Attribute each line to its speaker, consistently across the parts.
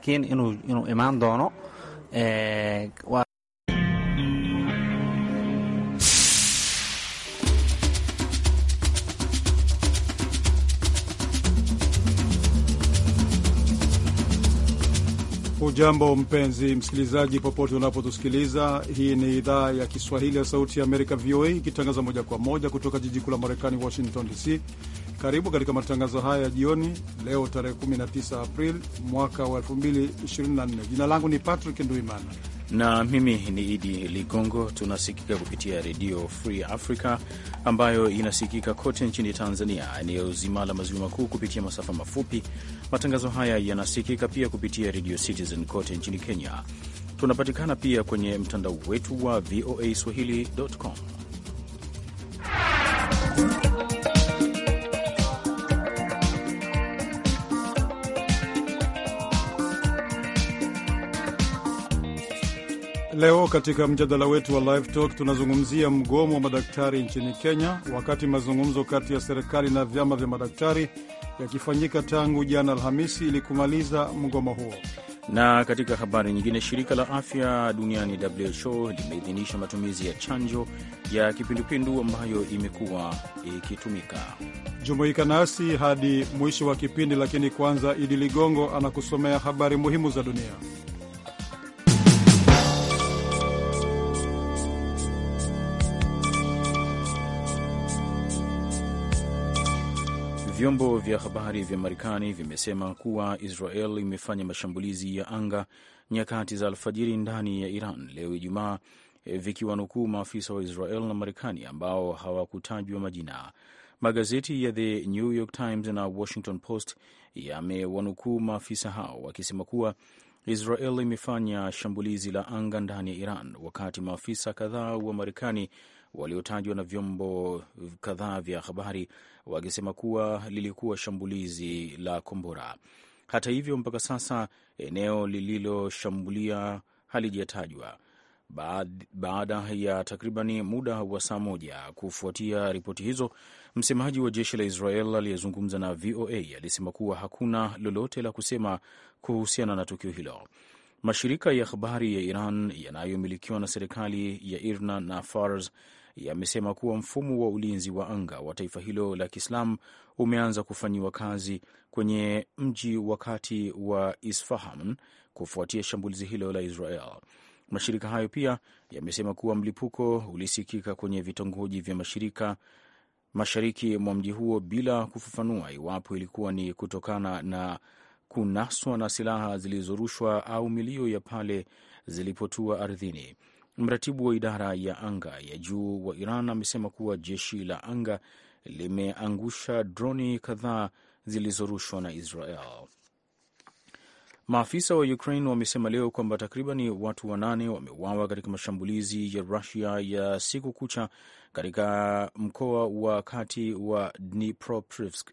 Speaker 1: laakiin inuu inuu imaan doono e,
Speaker 2: Ujambo mpenzi msikilizaji, popote unapotusikiliza, hii ni idhaa ya Kiswahili ya Sauti ya Amerika, VOA, ikitangaza moja kwa moja kutoka jiji kuu la Marekani, Washington DC. Karibu katika matangazo haya ya jioni leo tarehe 19 Aprili mwaka wa 2024. Jina langu ni Patrick Nduimana
Speaker 1: na mimi ni Idi Ligongo. Tunasikika kupitia Redio Free Africa ambayo inasikika kote nchini Tanzania, eneo zima la maziwa makuu kupitia masafa mafupi. Matangazo haya yanasikika pia kupitia Redio Citizen kote nchini Kenya. Tunapatikana pia kwenye mtandao wetu wa voa swahili.com.
Speaker 2: Leo katika mjadala wetu wa Live Talk tunazungumzia mgomo wa madaktari nchini Kenya, wakati mazungumzo kati ya serikali na vyama vya madaktari yakifanyika tangu jana Alhamisi ili kumaliza mgomo huo.
Speaker 1: Na katika habari nyingine, shirika la afya duniani WHO limeidhinisha matumizi ya chanjo ya kipindupindu ambayo imekuwa ikitumika.
Speaker 2: Jumuika nasi hadi mwisho wa kipindi, lakini kwanza Idi Ligongo anakusomea habari muhimu za dunia.
Speaker 1: Vyombo vya habari vya Marekani vimesema kuwa Israel imefanya mashambulizi ya anga nyakati za alfajiri ndani ya Iran leo Ijumaa, eh, vikiwanukuu maafisa wa Israel na Marekani ambao hawakutajwa majina. Magazeti ya The New York Times na Washington Post yamewanukuu maafisa hao wakisema kuwa Israel imefanya shambulizi la anga ndani ya Iran, wakati maafisa kadhaa wa Marekani waliotajwa na vyombo kadhaa vya habari wakisema kuwa lilikuwa shambulizi la kombora. Hata hivyo, mpaka sasa eneo lililoshambulia halijatajwa baada ya takribani muda wa saa moja kufuatia ripoti hizo, msemaji wa jeshi la Israel aliyezungumza na VOA alisema kuwa hakuna lolote la kusema kuhusiana na tukio hilo. Mashirika ya habari ya Iran yanayomilikiwa na serikali ya IRNA na Fars yamesema kuwa mfumo wa ulinzi wa anga wa taifa hilo la Kiislamu umeanza kufanyiwa kazi kwenye mji wa kati wa Isfahan kufuatia shambulizi hilo la Israel. Mashirika hayo pia yamesema kuwa mlipuko ulisikika kwenye vitongoji vya mashirika mashariki mwa mji huo bila kufafanua iwapo ilikuwa ni kutokana na kunaswa na silaha zilizorushwa au milio ya pale zilipotua ardhini. Mratibu wa idara ya anga ya juu wa Iran amesema kuwa jeshi la anga limeangusha droni kadhaa zilizorushwa na Israel. Maafisa wa Ukraine wamesema leo kwamba takribani watu wanane wameuawa katika mashambulizi ya Rusia ya siku kucha katika mkoa wa kati wa Dnipropetrovsk.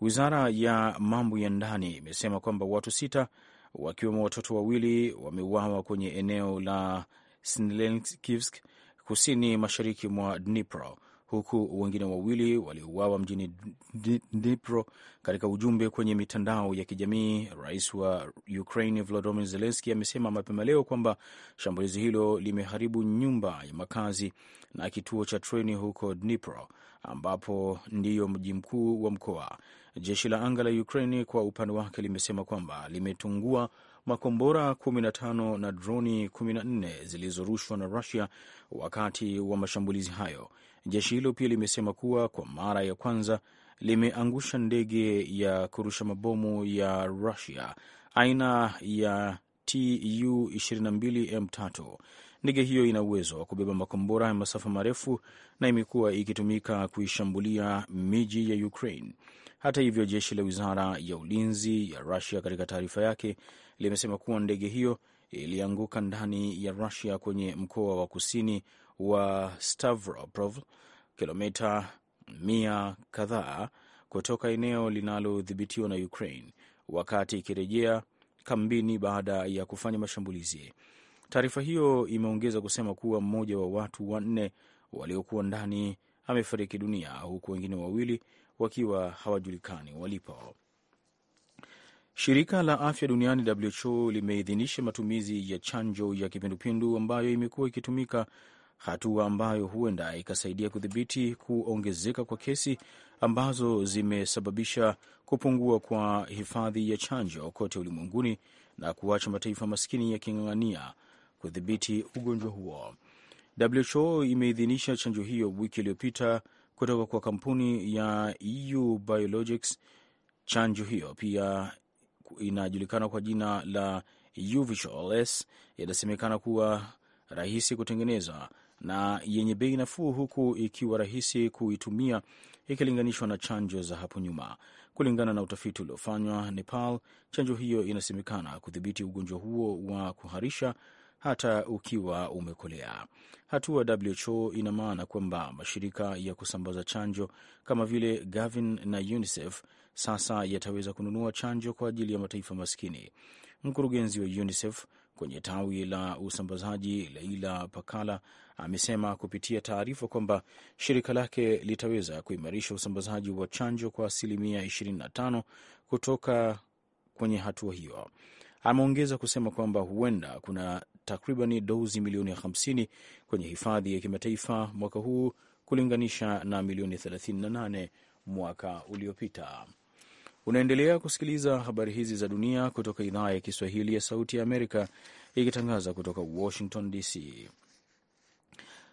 Speaker 1: Wizara ya mambo ya ndani imesema kwamba watu sita wakiwemo watoto wawili wameuawa kwenye eneo la Snelekivsk, kusini mashariki mwa Dnipro, huku wengine wawili waliouawa mjini Dnipro. Katika ujumbe kwenye mitandao ya kijamii, rais wa Ukraine Volodymyr zelenski amesema mapema leo kwamba shambulizi hilo limeharibu nyumba ya makazi na kituo cha treni huko Dnipro, ambapo ndiyo mji mkuu wa mkoa. Jeshi la anga la Ukraine kwa upande wake limesema kwamba limetungua makombora 15 na droni 14 zilizorushwa na Rusia wakati wa mashambulizi hayo. Jeshi hilo pia limesema kuwa kwa mara ya kwanza limeangusha ndege ya kurusha mabomu ya Rusia aina ya tu 22 M3. Ndege hiyo ina uwezo wa kubeba makombora ya masafa marefu na imekuwa ikitumika kuishambulia miji ya Ukraine. Hata hivyo, jeshi la wizara ya ulinzi ya Rusia katika taarifa yake limesema kuwa ndege hiyo ilianguka ndani ya Rusia kwenye mkoa wa kusini wa Stavropol, kilomita mia kadhaa kutoka eneo linalodhibitiwa na Ukraine wakati ikirejea kambini baada ya kufanya mashambulizi. Taarifa hiyo imeongeza kusema kuwa mmoja wa watu wanne waliokuwa ndani amefariki dunia huku wengine wawili wakiwa hawajulikani walipo. Shirika la afya duniani WHO limeidhinisha matumizi ya chanjo ya kipindupindu ambayo imekuwa ikitumika, hatua ambayo huenda ikasaidia kudhibiti kuongezeka kwa kesi ambazo zimesababisha kupungua kwa hifadhi ya chanjo kote ulimwenguni na kuacha mataifa maskini yaking'ang'ania kudhibiti ugonjwa huo. WHO imeidhinisha chanjo hiyo wiki iliyopita kutoka kwa kampuni ya EU Biologics. Chanjo hiyo pia inajulikana kwa jina la UVLS S kuwa rahisi kutengeneza na yenye bei nafuu, huku ikiwa rahisi kuitumia ikilinganishwa na chanjo za hapo nyuma. Kulingana na utafiti uliofanywa Nepal, chanjo hiyo inasemekana kudhibiti ugonjwa huo wa kuharisha hata ukiwa umekolea. Hatua WHO ina maana kwamba mashirika ya kusambaza chanjo kama vile Gavin na UNICEF sasa yataweza kununua chanjo kwa ajili ya mataifa maskini. Mkurugenzi wa UNICEF kwenye tawi la usambazaji Laila Pakala amesema kupitia taarifa kwamba shirika lake litaweza kuimarisha usambazaji wa chanjo kwa asilimia 25 kutoka kwenye hatua hiyo. Ameongeza kusema kwamba huenda kuna takribani dozi milioni 50 kwenye hifadhi ya kimataifa mwaka huu kulinganisha na milioni 38 mwaka uliopita. Unaendelea kusikiliza habari hizi za dunia kutoka idhaa ya Kiswahili ya Sauti ya Amerika, ikitangaza kutoka Washington DC.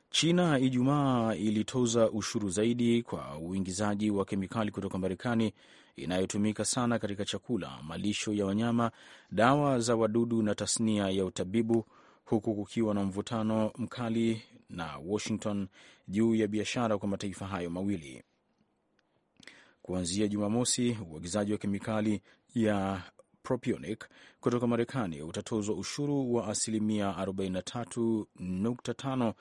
Speaker 1: China Ijumaa ilitoza ushuru zaidi kwa uingizaji wa kemikali kutoka Marekani inayotumika sana katika chakula, malisho ya wanyama, dawa za wadudu na tasnia ya utabibu, huku kukiwa na mvutano mkali na Washington juu ya biashara kwa mataifa hayo mawili. Kuanzia Jumamosi, uagizaji wa kemikali ya propionic kutoka Marekani utatozwa ushuru wa asilimia 43.5,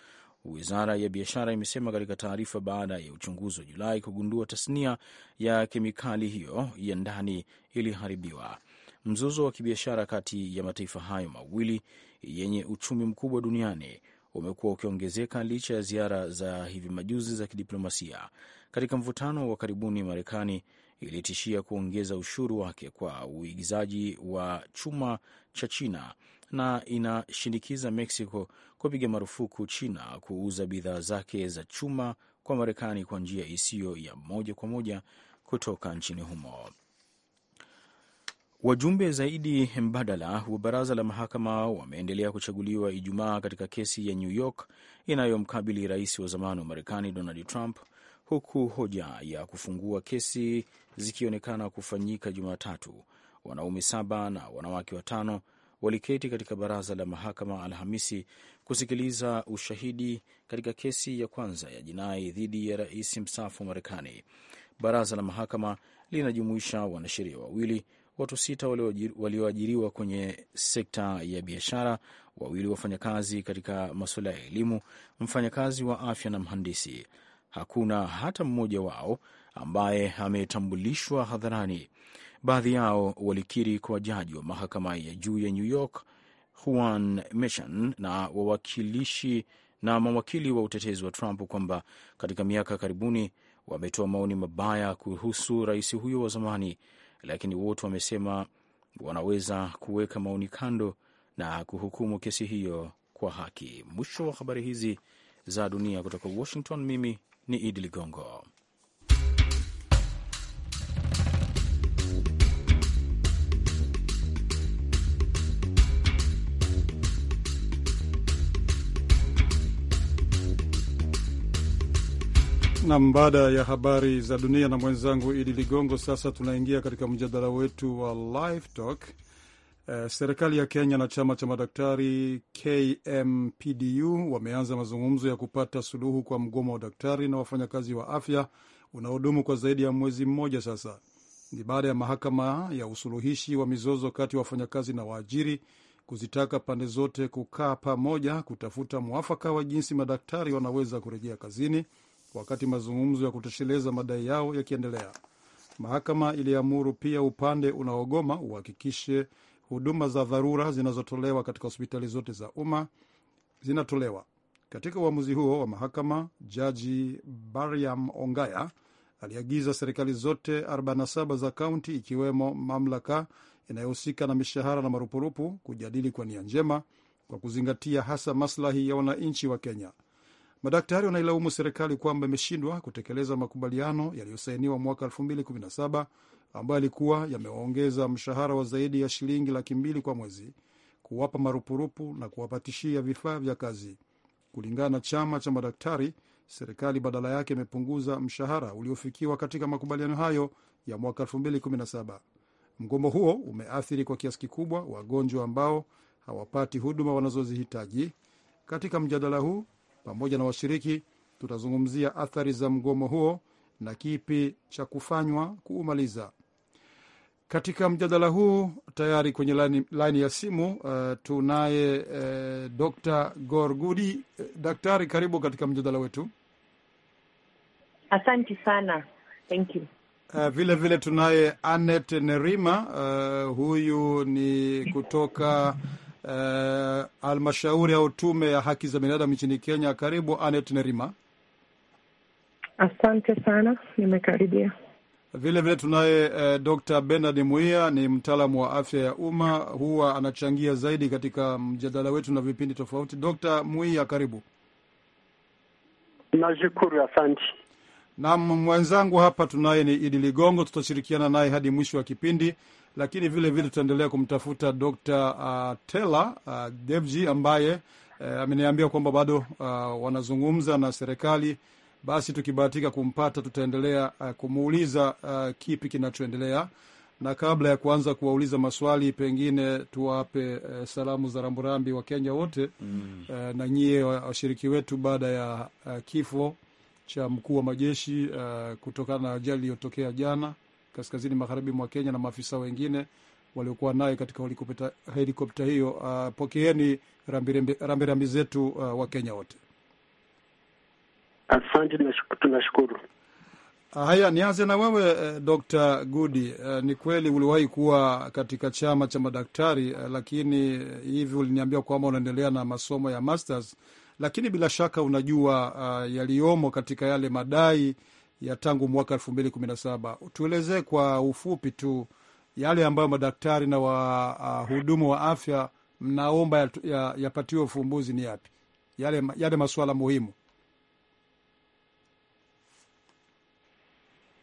Speaker 1: wizara ya biashara imesema katika taarifa, baada ya uchunguzi wa Julai kugundua tasnia ya kemikali hiyo ya ndani iliharibiwa. Mzozo wa kibiashara kati ya mataifa hayo mawili yenye uchumi mkubwa duniani umekuwa ukiongezeka licha ya ziara za hivi majuzi za kidiplomasia. Katika mvutano wa karibuni, Marekani ilitishia kuongeza ushuru wake kwa uigizaji wa chuma cha China na inashinikiza Mexico kupiga marufuku China kuuza bidhaa zake za chuma kwa Marekani kwa njia isiyo ya moja kwa moja kutoka nchini humo. Wajumbe zaidi mbadala wa baraza la mahakama wameendelea kuchaguliwa Ijumaa katika kesi ya New York inayomkabili rais wa zamani wa Marekani Donald Trump huku hoja ya kufungua kesi zikionekana kufanyika Jumatatu. Wanaume saba na wanawake watano waliketi katika baraza la mahakama Alhamisi kusikiliza ushahidi katika kesi ya kwanza ya jinai dhidi ya rais mstaafu wa Marekani. Baraza la mahakama linajumuisha wanasheria wawili, watu sita walioajiriwa kwenye sekta ya biashara, wawili wafanyakazi katika masuala ya elimu, mfanyakazi wa afya na mhandisi hakuna hata mmoja wao ambaye ametambulishwa hadharani. Baadhi yao walikiri kwa jaji wa mahakama ya juu ya New York Juan Merchan na wawakilishi na mawakili wa utetezi wa Trump kwamba katika miaka karibuni wametoa maoni mabaya kuhusu rais huyo wa zamani, lakini wote wamesema wanaweza kuweka maoni kando na kuhukumu kesi hiyo kwa haki. Mwisho wa habari hizi za dunia kutoka Washington. Mimi ni Idi Ligongo.
Speaker 2: Nam, baada ya habari za dunia na mwenzangu Idi Ligongo, sasa tunaingia katika mjadala wetu wa Live Talk Eh, serikali ya Kenya na chama cha madaktari KMPDU wameanza mazungumzo ya kupata suluhu kwa mgomo wa daktari na wafanyakazi wa afya unaodumu kwa zaidi ya mwezi mmoja sasa. Ni baada ya mahakama ya usuluhishi wa mizozo kati ya wafanyakazi na waajiri kuzitaka pande zote kukaa pamoja kutafuta mwafaka wa jinsi madaktari wanaweza kurejea kazini, wakati mazungumzo ya kutosheleza madai yao yakiendelea. Mahakama iliamuru pia upande unaogoma uhakikishe huduma za dharura zinazotolewa katika hospitali zote za umma zinatolewa. Katika uamuzi huo wa mahakama, jaji Bariam Ongaya aliagiza serikali zote 47 za kaunti, ikiwemo mamlaka inayohusika na mishahara na marupurupu, kujadili kwa nia njema, kwa kuzingatia hasa maslahi ya wananchi wa Kenya. Madaktari wanailaumu serikali kwamba imeshindwa kutekeleza makubaliano yaliyosainiwa mwaka ambayo yalikuwa yamewaongeza mshahara wa zaidi ya shilingi laki mbili kwa mwezi, kuwapa marupurupu na kuwapatishia vifaa vya kazi. Kulingana na chama cha madaktari, serikali badala yake imepunguza mshahara uliofikiwa katika makubaliano hayo ya mwaka 2017. Mgomo huo umeathiri kwa kiasi kikubwa wagonjwa ambao hawapati huduma wanazozihitaji. Katika mjadala huu pamoja na washiriki, tutazungumzia athari za mgomo huo na kipi cha kufanywa kuumaliza. Katika mjadala huu tayari kwenye laini, laini ya simu uh, tunaye uh, Dr. Gorgudi. Uh, daktari, karibu katika mjadala wetu.
Speaker 3: Asante sana. Thank you.
Speaker 2: Uh, vile vile tunaye Anet Nerima uh, huyu ni kutoka uh, almashauri au tume ya haki za binadamu nchini Kenya. Karibu Anet Nerima. Asante sana, nimekaribia vile vile tunaye eh, Dr Benard Mwia ni mtaalamu wa afya ya umma, huwa anachangia zaidi katika mjadala wetu na vipindi tofauti. Dr Mwia, karibu.
Speaker 4: Nashukuru, asante.
Speaker 2: Na mwenzangu hapa tunaye ni Idi Ligongo, tutashirikiana naye hadi mwisho wa kipindi, lakini vile vile tutaendelea kumtafuta Dr uh, ah, Tela uh, Devji ambaye uh, ameniambia kwamba bado uh, wanazungumza na serikali basi tukibahatika kumpata tutaendelea uh, kumuuliza uh, kipi kinachoendelea, na kabla ya kuanza kuwauliza maswali, pengine tuwape uh, salamu za ramburambi wa Kenya wote uh, mm. uh, na nyie washiriki wetu baada ya uh, kifo cha mkuu wa majeshi uh, kutokana na ajali iliyotokea jana kaskazini magharibi mwa Kenya na maafisa wengine waliokuwa naye katika helikopta hiyo. Uh, pokeeni rambirambi zetu uh, wa Kenya wote.
Speaker 4: Asante, tunashukuru.
Speaker 2: Ah, haya, nianze na wewe eh, Dr. Gudi. Eh, ni kweli uliwahi kuwa katika chama cha madaktari, eh, lakini hivi uliniambia kwamba unaendelea na masomo ya masters, lakini bila shaka unajua uh, yaliyomo katika yale madai ya tangu mwaka elfu mbili kumi na saba. Tuelezee kwa ufupi tu yale ambayo madaktari na wahudumu ah, uh, wa afya mnaomba yapatiwe ya, ya ufumbuzi ni yapi? Yale, yale masuala muhimu.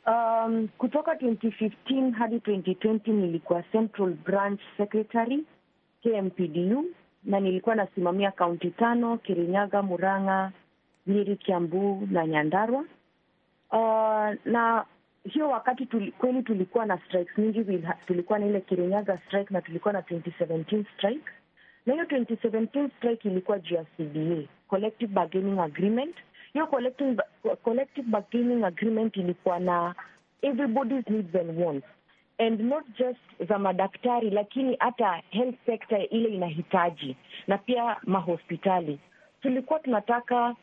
Speaker 3: Um, kutoka 2015 hadi 2020 nilikuwa Central Branch Secretary KMPDU na nilikuwa nasimamia kaunti tano: Kirinyaga, Murang'a, Nyeri, Kiambu na Nyandarua. Uh, na hiyo wakati tuli, kweli tulikuwa na strikes nyingi. Tulikuwa na ile Kirinyaga strike na tulikuwa na 2017 strike, na hiyo 2017 strike ilikuwa juu ya CBA, Collective Bargaining Agreement hiyo collective, collective bargaining agreement ilikuwa na everybody's needs and wants and not just za madaktari, lakini hata health sector ile inahitaji na pia mahospitali. Tulikuwa tunataka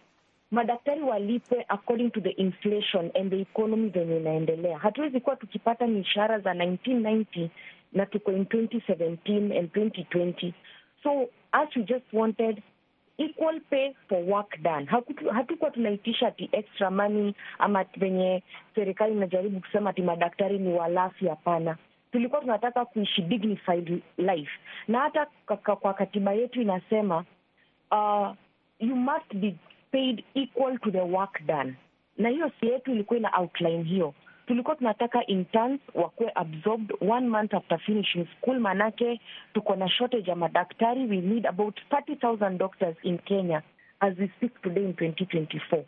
Speaker 3: madaktari walipe according to the inflation and the economy zenye inaendelea. Hatuwezi kuwa tukipata mishahara za 1990 na tuko in 2017 and 2020, so as we just wanted equal pay for work done. Hatukuwa tunaitisha ati extra money ama venye serikali inajaribu kusema ati madaktari ni walafi. Hapana, tulikuwa tunataka kuishi dignified life, na hata kwa katiba yetu inasema uh, you must be paid equal to the work done, na hiyo si yetu ilikuwa ina outline hiyo tulikuwa tunataka interns wakuwe absorbed one month after finishing school, maanake tuko na shortage ya madaktari. We need about 30,000 doctors in Kenya as we speak today in 2024.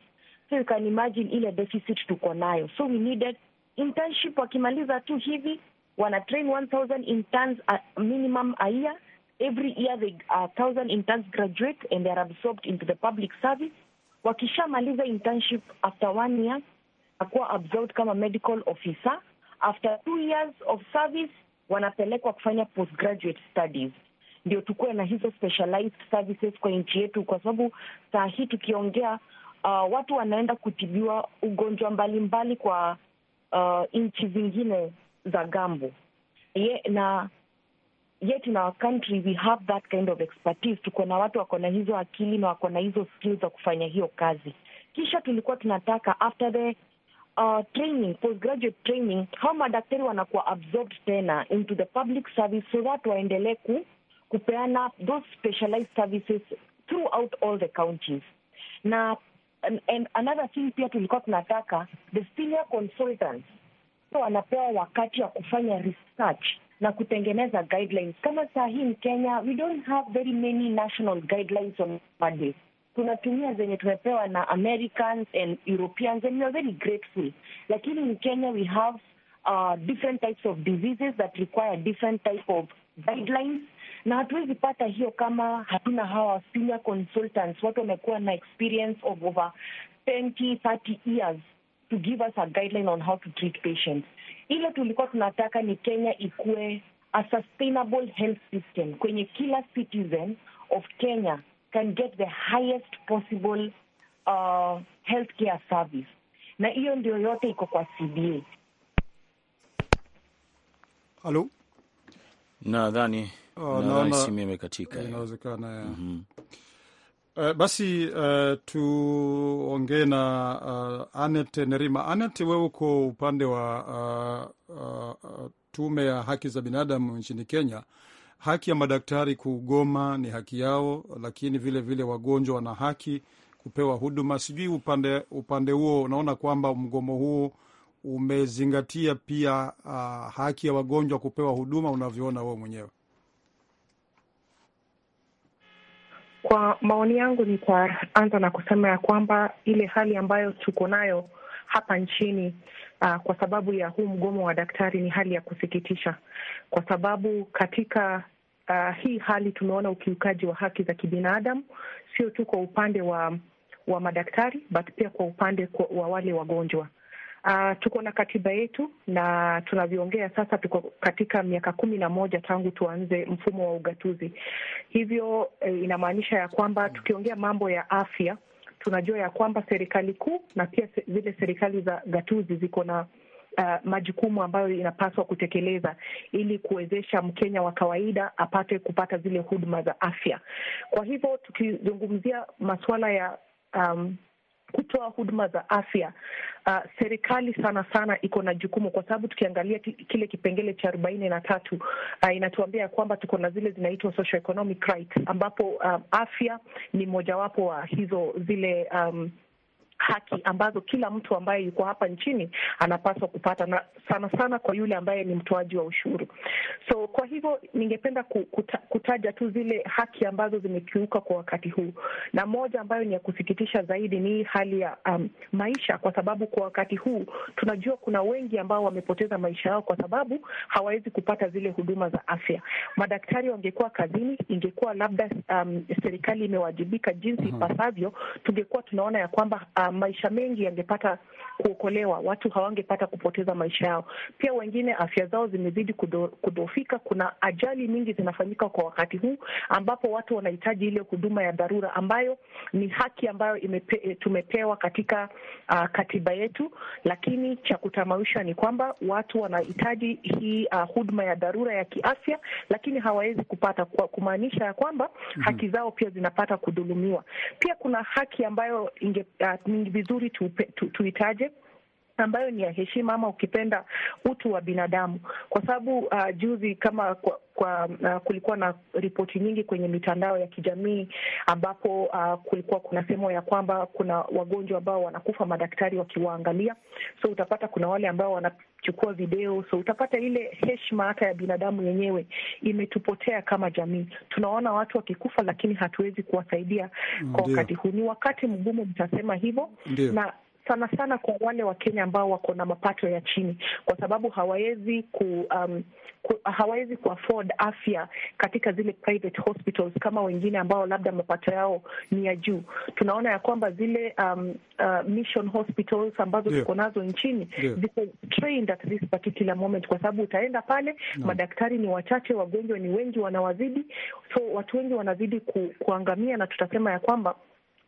Speaker 3: So you can imagine ile deficit tuko nayo, so we needed internship. Wakimaliza tu hivi wana train 1000 interns a uh, minimum a year. Every year the 1000 uh, interns graduate and they are absorbed into the public service. Wakishamaliza internship after one year kuwa absorbed kama medical officer. After two years of service wanapelekwa kufanya postgraduate studies, ndio tukuwe na hizo specialized services kwa nchi yetu, kwa sababu saa hii tukiongea, uh, watu wanaenda kutibiwa ugonjwa mbalimbali mbali kwa uh, nchi zingine za gambo ye, na yet in our country we have that kind of expertise. Tuko na watu wako na hizo akili na wako na hizo skills za kufanya hiyo kazi. Kisha tulikuwa tunataka after the uh, training postgraduate training, hao madaktari wanakuwa absorbed tena into the public service so that waendelee ku, kupeana those specialized services throughout all the counties na and, and another thing pia tulikuwa tunataka the senior consultants so wanapewa wakati wa kufanya research na kutengeneza guidelines. Kama saa hii Kenya, we don't have very many national guidelines on madays tunatumia zenye tumepewa na Americans and Europeans and we are very grateful, lakini in Kenya we have uh, different types of diseases that require different type of guidelines na hatuwezi pata hiyo kama hatuna hawa senior consultants, watu wamekuwa na experience of over 20 30 years to give us a guideline on how to treat patients. Ile tulikuwa tunataka ni Kenya ikuwe a sustainable health system kwenye kila citizen of Kenya can get the highest possible uh, healthcare service, na hiyo ndio yote iko kwa CBA.
Speaker 2: Halo,
Speaker 1: nadhani ah, simu imekatika, inawezekana
Speaker 2: Uh, basi uh, tuongee na uh, eh, Anet Nerima. Anet, wewe uko upande wa uh, uh, tume ya haki za binadamu nchini Kenya. Uh, haki ya madaktari kugoma ni haki yao, lakini vile vile wagonjwa wana haki kupewa huduma. Sijui upande upande huo unaona kwamba mgomo huo umezingatia pia uh, haki ya wagonjwa kupewa huduma unavyoona wewe mwenyewe?
Speaker 3: Kwa maoni yangu, nitaanza na kusema ya kwamba ile hali ambayo tuko nayo hapa nchini uh, kwa sababu ya huu mgomo wa daktari ni hali ya kusikitisha, kwa sababu katika uh, hii hali tumeona ukiukaji wa haki za kibinadamu sio tu kwa upande wa wa madaktari but pia kwa upande kwa, wa wale wagonjwa. Uh, tuko na katiba yetu na tunavyoongea sasa, tuko katika miaka kumi na moja tangu tuanze mfumo wa ugatuzi. Hivyo eh, inamaanisha ya kwamba tukiongea mambo ya afya tunajua ya kwamba serikali kuu na pia zile serikali za gatuzi ziko na uh, majukumu ambayo inapaswa kutekeleza ili kuwezesha Mkenya wa kawaida apate kupata zile huduma za afya. Kwa hivyo tukizungumzia masuala ya um, kutoa huduma za afya uh, serikali sana sana iko na jukumu, kwa sababu tukiangalia kile kipengele cha arobaini na tatu uh, inatuambia kwamba tuko na zile zinaitwa socioeconomic rights, ambapo um, afya ni mojawapo wa hizo zile um, haki ambazo kila mtu ambaye yuko hapa nchini anapaswa kupata, na sana sana kwa yule ambaye ni mtoaji wa ushuru. So kwa hivyo ningependa kuta, kutaja tu zile haki ambazo zimekiuka kwa wakati huu, na moja ambayo ni ya kusikitisha zaidi ni hali ya um, maisha, kwa sababu kwa wakati huu tunajua kuna wengi ambao wamepoteza maisha yao kwa sababu hawawezi kupata zile huduma za afya. Madaktari wangekuwa kazini, ingekuwa labda um, serikali imewajibika jinsi mhm. ipasavyo, tungekuwa tunaona ya kwamba um, maisha mengi yangepata kuokolewa, watu hawangepata kupoteza maisha yao. Pia wengine afya zao zimezidi kudhoofika. Kuna ajali nyingi zinafanyika kwa wakati huu ambapo watu wanahitaji ile huduma ya dharura ambayo ni haki ambayo imepe, eh, tumepewa katika uh, katiba yetu, lakini cha kutamausha ni kwamba watu wanahitaji hii uh, huduma ya dharura ya kiafya, lakini hawawezi kupata, kwa kumaanisha ya kwamba mhm. haki zao pia zinapata kudhulumiwa. Pia kuna haki ambayo inge, uh, ni vizuri tuitaje ambayo ni ya heshima ama ukipenda utu wa binadamu, kwa sababu uh, juzi kama kwa, kwa uh, kulikuwa na ripoti nyingi kwenye mitandao ya kijamii ambapo uh, kulikuwa kuna sehemu ya kwamba kuna wagonjwa ambao wanakufa madaktari wakiwaangalia, so utapata kuna wale ambao wanachukua video, so utapata ile heshima hata ya binadamu yenyewe imetupotea kama jamii. Tunaona watu wakikufa, lakini hatuwezi kuwasaidia kwa wakati huu. Ni wakati mgumu, mtasema hivyo na sana sana kwa wale Wakenya ambao wako na mapato ya chini, kwa sababu hawawezi ku, um, ku, hawawezi kuafford afya katika zile private hospitals kama wengine ambao labda mapato yao ni ya juu. Tunaona ya kwamba zile um, uh, mission hospitals ambazo ziko yeah. nazo nchini yeah. ziko trained at this particular moment, kwa sababu utaenda pale no. madaktari ni wachache, wagonjwa ni wengi, wanawazidi, so watu wengi wanazidi ku, kuangamia, na tutasema ya kwamba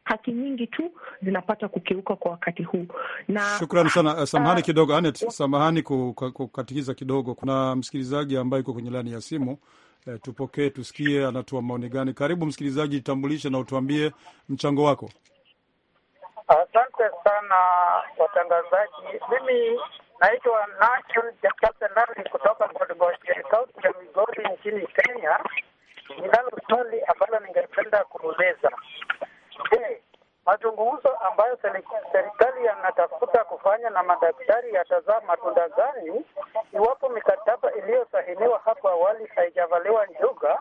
Speaker 3: haki nyingi tu zinapata kukiuka kwa wakati huu. Na shukrani
Speaker 2: sana, samahani uh, kidogo Anet, samahani kukatikiza kidogo. Kuna msikilizaji ambaye iko kwenye laini ya simu e, tupokee, tusikie anatoa maoni gani. Karibu msikilizaji, jitambulishe na utuambie mchango wako.
Speaker 5: Asante sana watangazaji. Mimi naitwa Nacho Jakatenani kutoka Gogosheri, kaunti ya Migori nchini Kenya. Ninalo swali ambalo ningependa kuuliza. Je, mazungumzo ambayo serikali yanatafuta kufanya na madaktari yatazaa matunda gani iwapo mikataba iliyosahiniwa hapo awali haijavaliwa njuga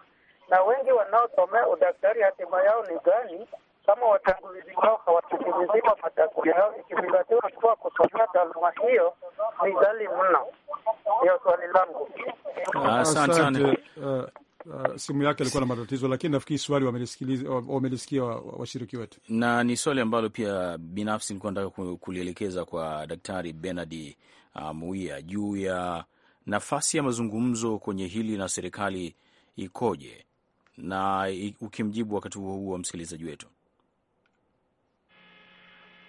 Speaker 5: na wengi wanaosomea udaktari hatima yao ni gani kama watangulizi wao hawatikimiziwa matakwa yao, ikizingatiwa
Speaker 4: kuwa kusomea taaluma hiyo ni ghali mno? Ndiyo swali langu.
Speaker 2: Asante. Uh, uh, simu yake alikuwa na matatizo, lakini nafikiri swali wamelisikia washiriki wetu,
Speaker 1: na ni swali ambalo pia binafsi nilikuwa nataka kulielekeza kwa Daktari Benard uh, Muia juu ya nafasi ya mazungumzo kwenye hili na serikali ikoje, na ukimjibu wakati huo huo msikilizaji wetu.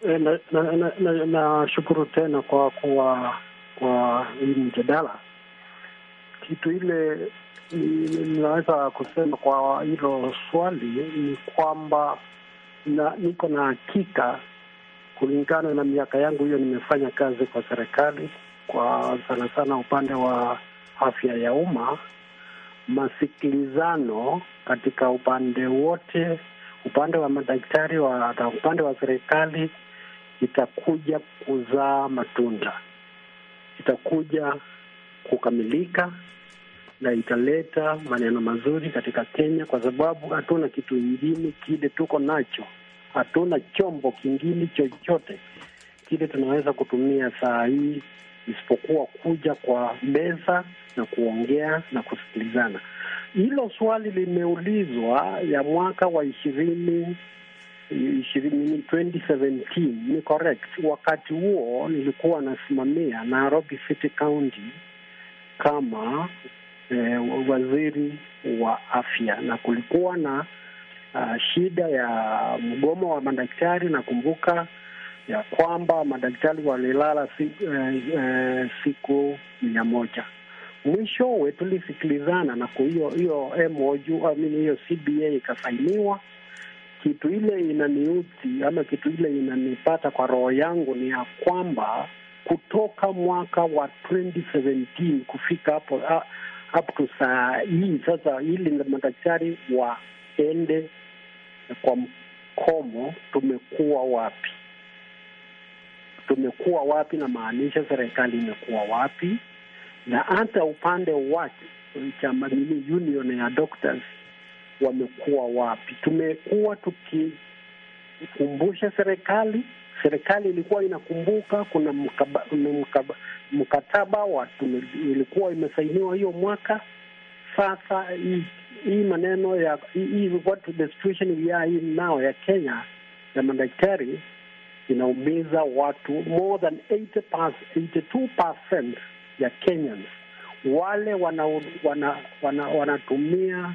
Speaker 4: Nashukuru eh, na, na, na, na tena kwa kuwa kwa hii mjadala kitu ile ninaweza kusema kwa hilo swali ni kwamba na, niko na hakika kulingana na miaka yangu hiyo, nimefanya kazi kwa serikali kwa sana sana upande wa afya ya umma. Masikilizano katika upande wote, upande wa madaktari wa, na upande wa serikali itakuja kuzaa matunda, itakuja kukamilika na italeta maneno mazuri katika Kenya, kwa sababu hatuna kitu ingine kile tuko nacho, hatuna chombo kingine chochote kile tunaweza kutumia saa hii isipokuwa kuja kwa meza na kuongea na kusikilizana. Hilo swali limeulizwa ya mwaka wa ishirini ishirini 2017 ni correct. Wakati huo nilikuwa nasimamia Nairobi City County kama eh, waziri wa afya, na kulikuwa na uh, shida ya mgomo wa madaktari. Nakumbuka ya kwamba madaktari walilala si, eh, eh, siku mia moja. Mwishowe tulisikilizana na hiyo hiyo MOU amini hiyo CBA ikasainiwa. Kitu ile inaniuti ama kitu ile inanipata kwa roho yangu ni ya kwamba kutoka mwaka wa 2017 kufika hapo ah, hapo saa hii sasa, ili madaktari waende kwa mkomo, tumekuwa wapi? Tumekuwa wapi? na maanisha serikali imekuwa wapi? na hata upande wake chama nini, union ya doctors wamekuwa wapi? Tumekuwa tukikumbusha serikali serikali ilikuwa inakumbuka kuna mkaba, mkaba, mkataba wa ilikuwa imesainiwa hiyo mwaka. Sasa hii maneno ya hii, what the situation we are in now ya Kenya ya madaktari inaumiza watu more than 80%, 82% ya Kenyans wale wanatumia wana, wana, wana uh,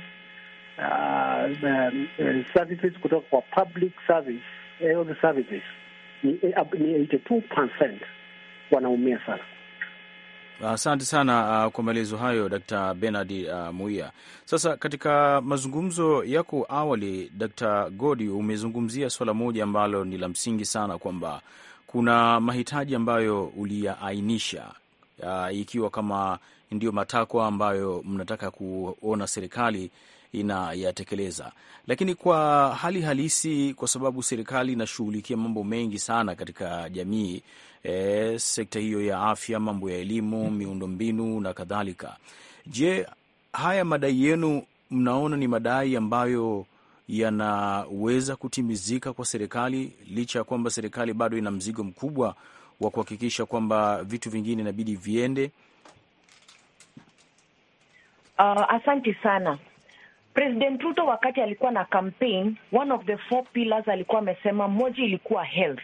Speaker 4: um, services kutoka kwa public service health services ni 82% eh, wanaumia sana.
Speaker 1: Asante sana uh, kwa maelezo hayo Dkt. Bernard uh, Muia. Sasa katika mazungumzo yako awali, Dkt. Godi, umezungumzia suala moja ambalo ni la msingi sana, kwamba kuna mahitaji ambayo uliyaainisha uh, ikiwa kama ndiyo matakwa ambayo mnataka kuona serikali inayatekeleza. Lakini kwa hali halisi, kwa sababu serikali inashughulikia mambo mengi sana katika jamii e, sekta hiyo ya afya, mambo ya elimu, miundombinu na kadhalika. Je, haya madai yenu mnaona ni madai ambayo yanaweza kutimizika kwa serikali, licha ya kwamba serikali bado ina mzigo mkubwa wa kuhakikisha kwamba vitu vingine inabidi viende?
Speaker 3: Uh, asante sana. President Ruto wakati alikuwa na campaign, one of the four pillars alikuwa amesema, moja ilikuwa health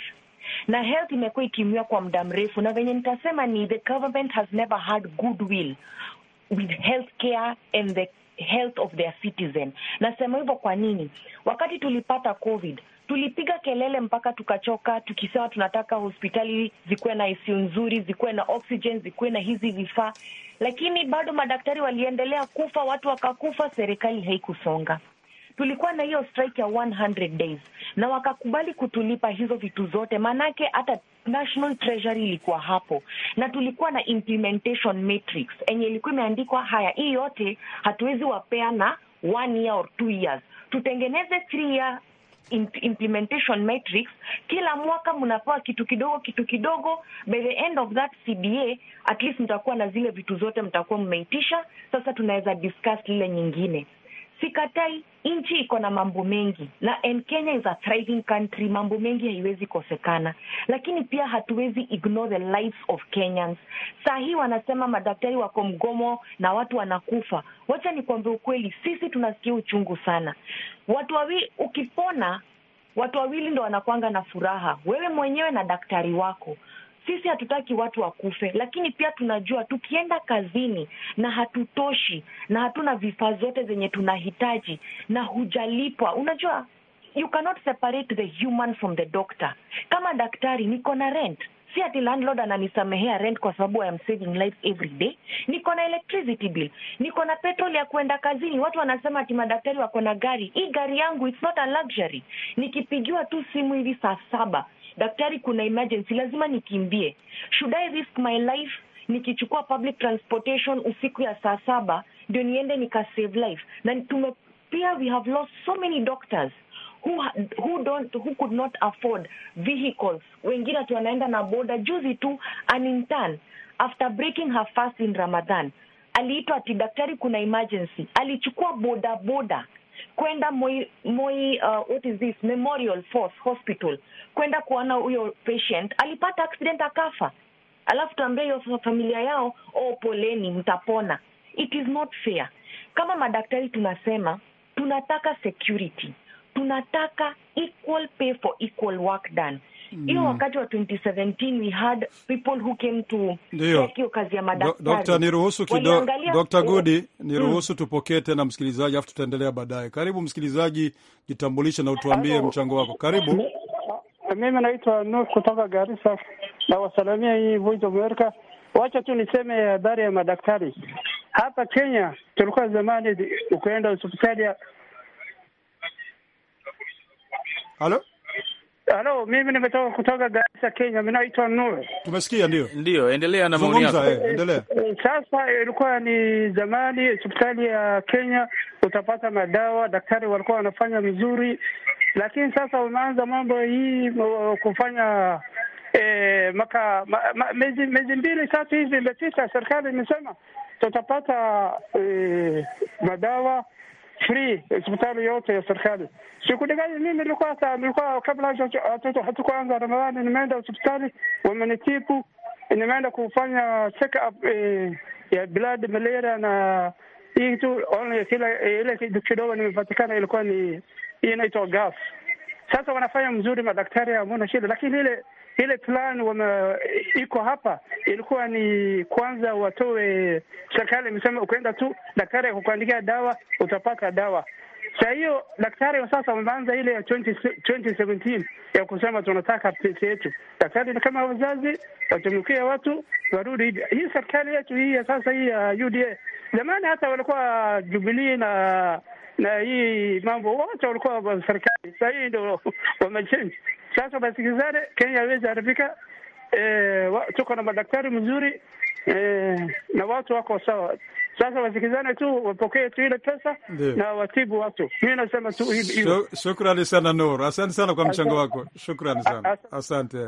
Speaker 3: na health imekuwa ikiumia kwa muda mrefu, na venye nitasema ni the government has never had goodwill with health care and the health of their citizen. Nasema hivyo kwa nini? Wakati tulipata COVID tulipiga kelele mpaka tukachoka, tukisema tunataka hospitali zikuwe na ICU nzuri, zikuwe na oxygen, zikuwe na hizi vifaa, lakini bado madaktari waliendelea kufa, watu wakakufa, serikali haikusonga. Tulikuwa na hiyo strike ya 100 days na wakakubali kutulipa hizo vitu zote, maanake hata National Treasury ilikuwa hapo na tulikuwa na implementation matrix enye ilikuwa imeandikwa haya, hii yote hatuwezi wapea na one year or two years, tutengeneze three year implementation matrix Kila mwaka mnapewa kitu kidogo kitu kidogo, by the end of that CBA at least mtakuwa na zile vitu zote mtakuwa mmeitisha. Sasa tunaweza discuss lile nyingine. Sikatai nchi iko na mambo mengi, na and Kenya is a thriving country, mambo mengi haiwezi kosekana, lakini pia hatuwezi ignore the lives of Kenyans. Saa hii wanasema madaktari wako mgomo na watu wanakufa. Wacha nikwambie ukweli, sisi tunasikia uchungu sana. Watu wawili ukipona watu wawili ndo wanakwanga na furaha, wewe mwenyewe na daktari wako. Sisi hatutaki watu wakufe, lakini pia tunajua tukienda kazini na hatutoshi na hatuna vifaa zote zenye tunahitaji na hujalipwa, unajua you cannot separate the human from the doctor. Kama daktari niko na rent si ati landlord ananisamehea rent kwa sababu I am saving life every day. Niko na electricity bill, niko na petrol ya kuenda kazini. Watu wanasema ati madaktari wako na gari. Hii gari yangu it's not a luxury. Nikipigiwa tu simu hivi saa saba daktari, kuna emergency, lazima nikimbie. Should I risk my life nikichukua public transportation usiku ya saa saba ndio niende nika save life? Na tume pia we have lost so many doctors who who don't who could not afford vehicles. Wengine tu wanaenda na boda. Juzi tu an intern after breaking her fast in Ramadan aliitwa ati daktari, kuna emergency, alichukua boda boda kwenda Moi, Moi uh, what is this Memorial Force Hospital, kwenda kuona huyo patient alipata accident akafa, alafu tuambia hiyo familia yao oh, poleni, mtapona. It is not fair. Kama madaktari tunasema tunataka security, tunataka equal pay for equal work done hiyo mm. Wakati wa 2017 we had people who came to hiyo kazi ya madaktari. Dr. niruhusu
Speaker 2: kidogo Dr. Gudi hmm. niruhusu mm. tupokee tena msikilizaji, afu tutaendelea baadaye. Karibu msikilizaji, jitambulishe na utuambie mchango wako. Karibu.
Speaker 5: Mimi naitwa Nuh kutoka Garissa na wasalamia hii Voice of America. Wacha tu niseme habari ya madaktari hapa Kenya. Tulikuwa zamani ukienda hospitali. Halo? Halo, mimi nimetoka kutoka Garissa, Kenya. Mimi naitwa Nuru.
Speaker 1: Tumesikia, ndio ndio, endelea na maoni yako. Eh, endelea.
Speaker 5: Eh, eh, sasa ilikuwa ni zamani, hospitali ya Kenya utapata madawa, daktari walikuwa wanafanya vizuri, lakini sasa unaanza mambo hii kufanya eh, maka ma, ma, mezi, mezi mbili tatu hivi imepita, serikali imesema tutapata eh, madawa free hospitali yote ya serikali. Siku gani mimi nilikuwa hata nilikuwa kabla hatuko hatukuanza Ramadhani, nimeenda hospitali wamenitibu, nimeenda kufanya check up eh, ya blood malaria na hii kitu only kila eh, ile kidogo nimepatikana ilikuwa ni hii inaitwa gas. Sasa wanafanya mzuri madaktari, hamuna shida, lakini ile ile plan wame, eh, iko hapa ilikuwa ni kwanza watoe, serikali imesema ukaenda tu daktari akukuandikia dawa utapata dawa. Sa hiyo daktari wa sasa wameanza ile ya 20, 2017 ya kusema tunataka pesa yetu. Daktari ni kama wazazi watumikie watu warudi. Hii serikali yetu hii ya sasa hii ya UDA zamani hata walikuwa Jubilee na na hii mambo wote walikuwa serikali, sahii ndio wamechange sasa basikizane, Kenya haiwezi haribika. E, tuko na madaktari mzuri e, na watu wako sawa. Sasa wasikizane tu, wapokee tu ile pesa Deo, na watibu watu. Mi nasema tu hivyo.
Speaker 2: Shukrani sana Nur, asante sana kwa mchango wako, shukrani sana, asante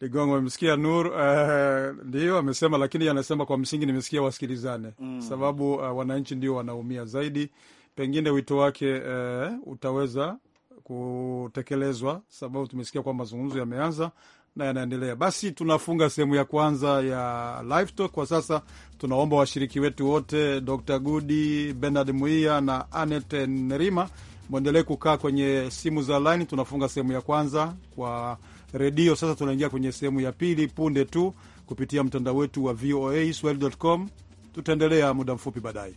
Speaker 2: Ligongo. Amesikia Nur eh, ndio uh, amesema, lakini anasema kwa msingi nimesikia wasikilizane mm, sababu uh, wananchi ndio wanaumia zaidi. Pengine wito wake uh, utaweza kutekelezwa, sababu tumesikia kwamba mazungumzo yameanza na yanaendelea. Basi tunafunga sehemu ya kwanza ya live talk kwa sasa. Tunaomba washiriki wetu wote, Dr Gudi, Bernard Muia na Anet Nerima, mwendelee kukaa kwenye simu za line Tunafunga sehemu ya kwanza kwa redio, sasa tunaingia kwenye sehemu ya pili punde tu kupitia mtandao wetu wa voa swahili.com. Tutaendelea muda mfupi baadaye.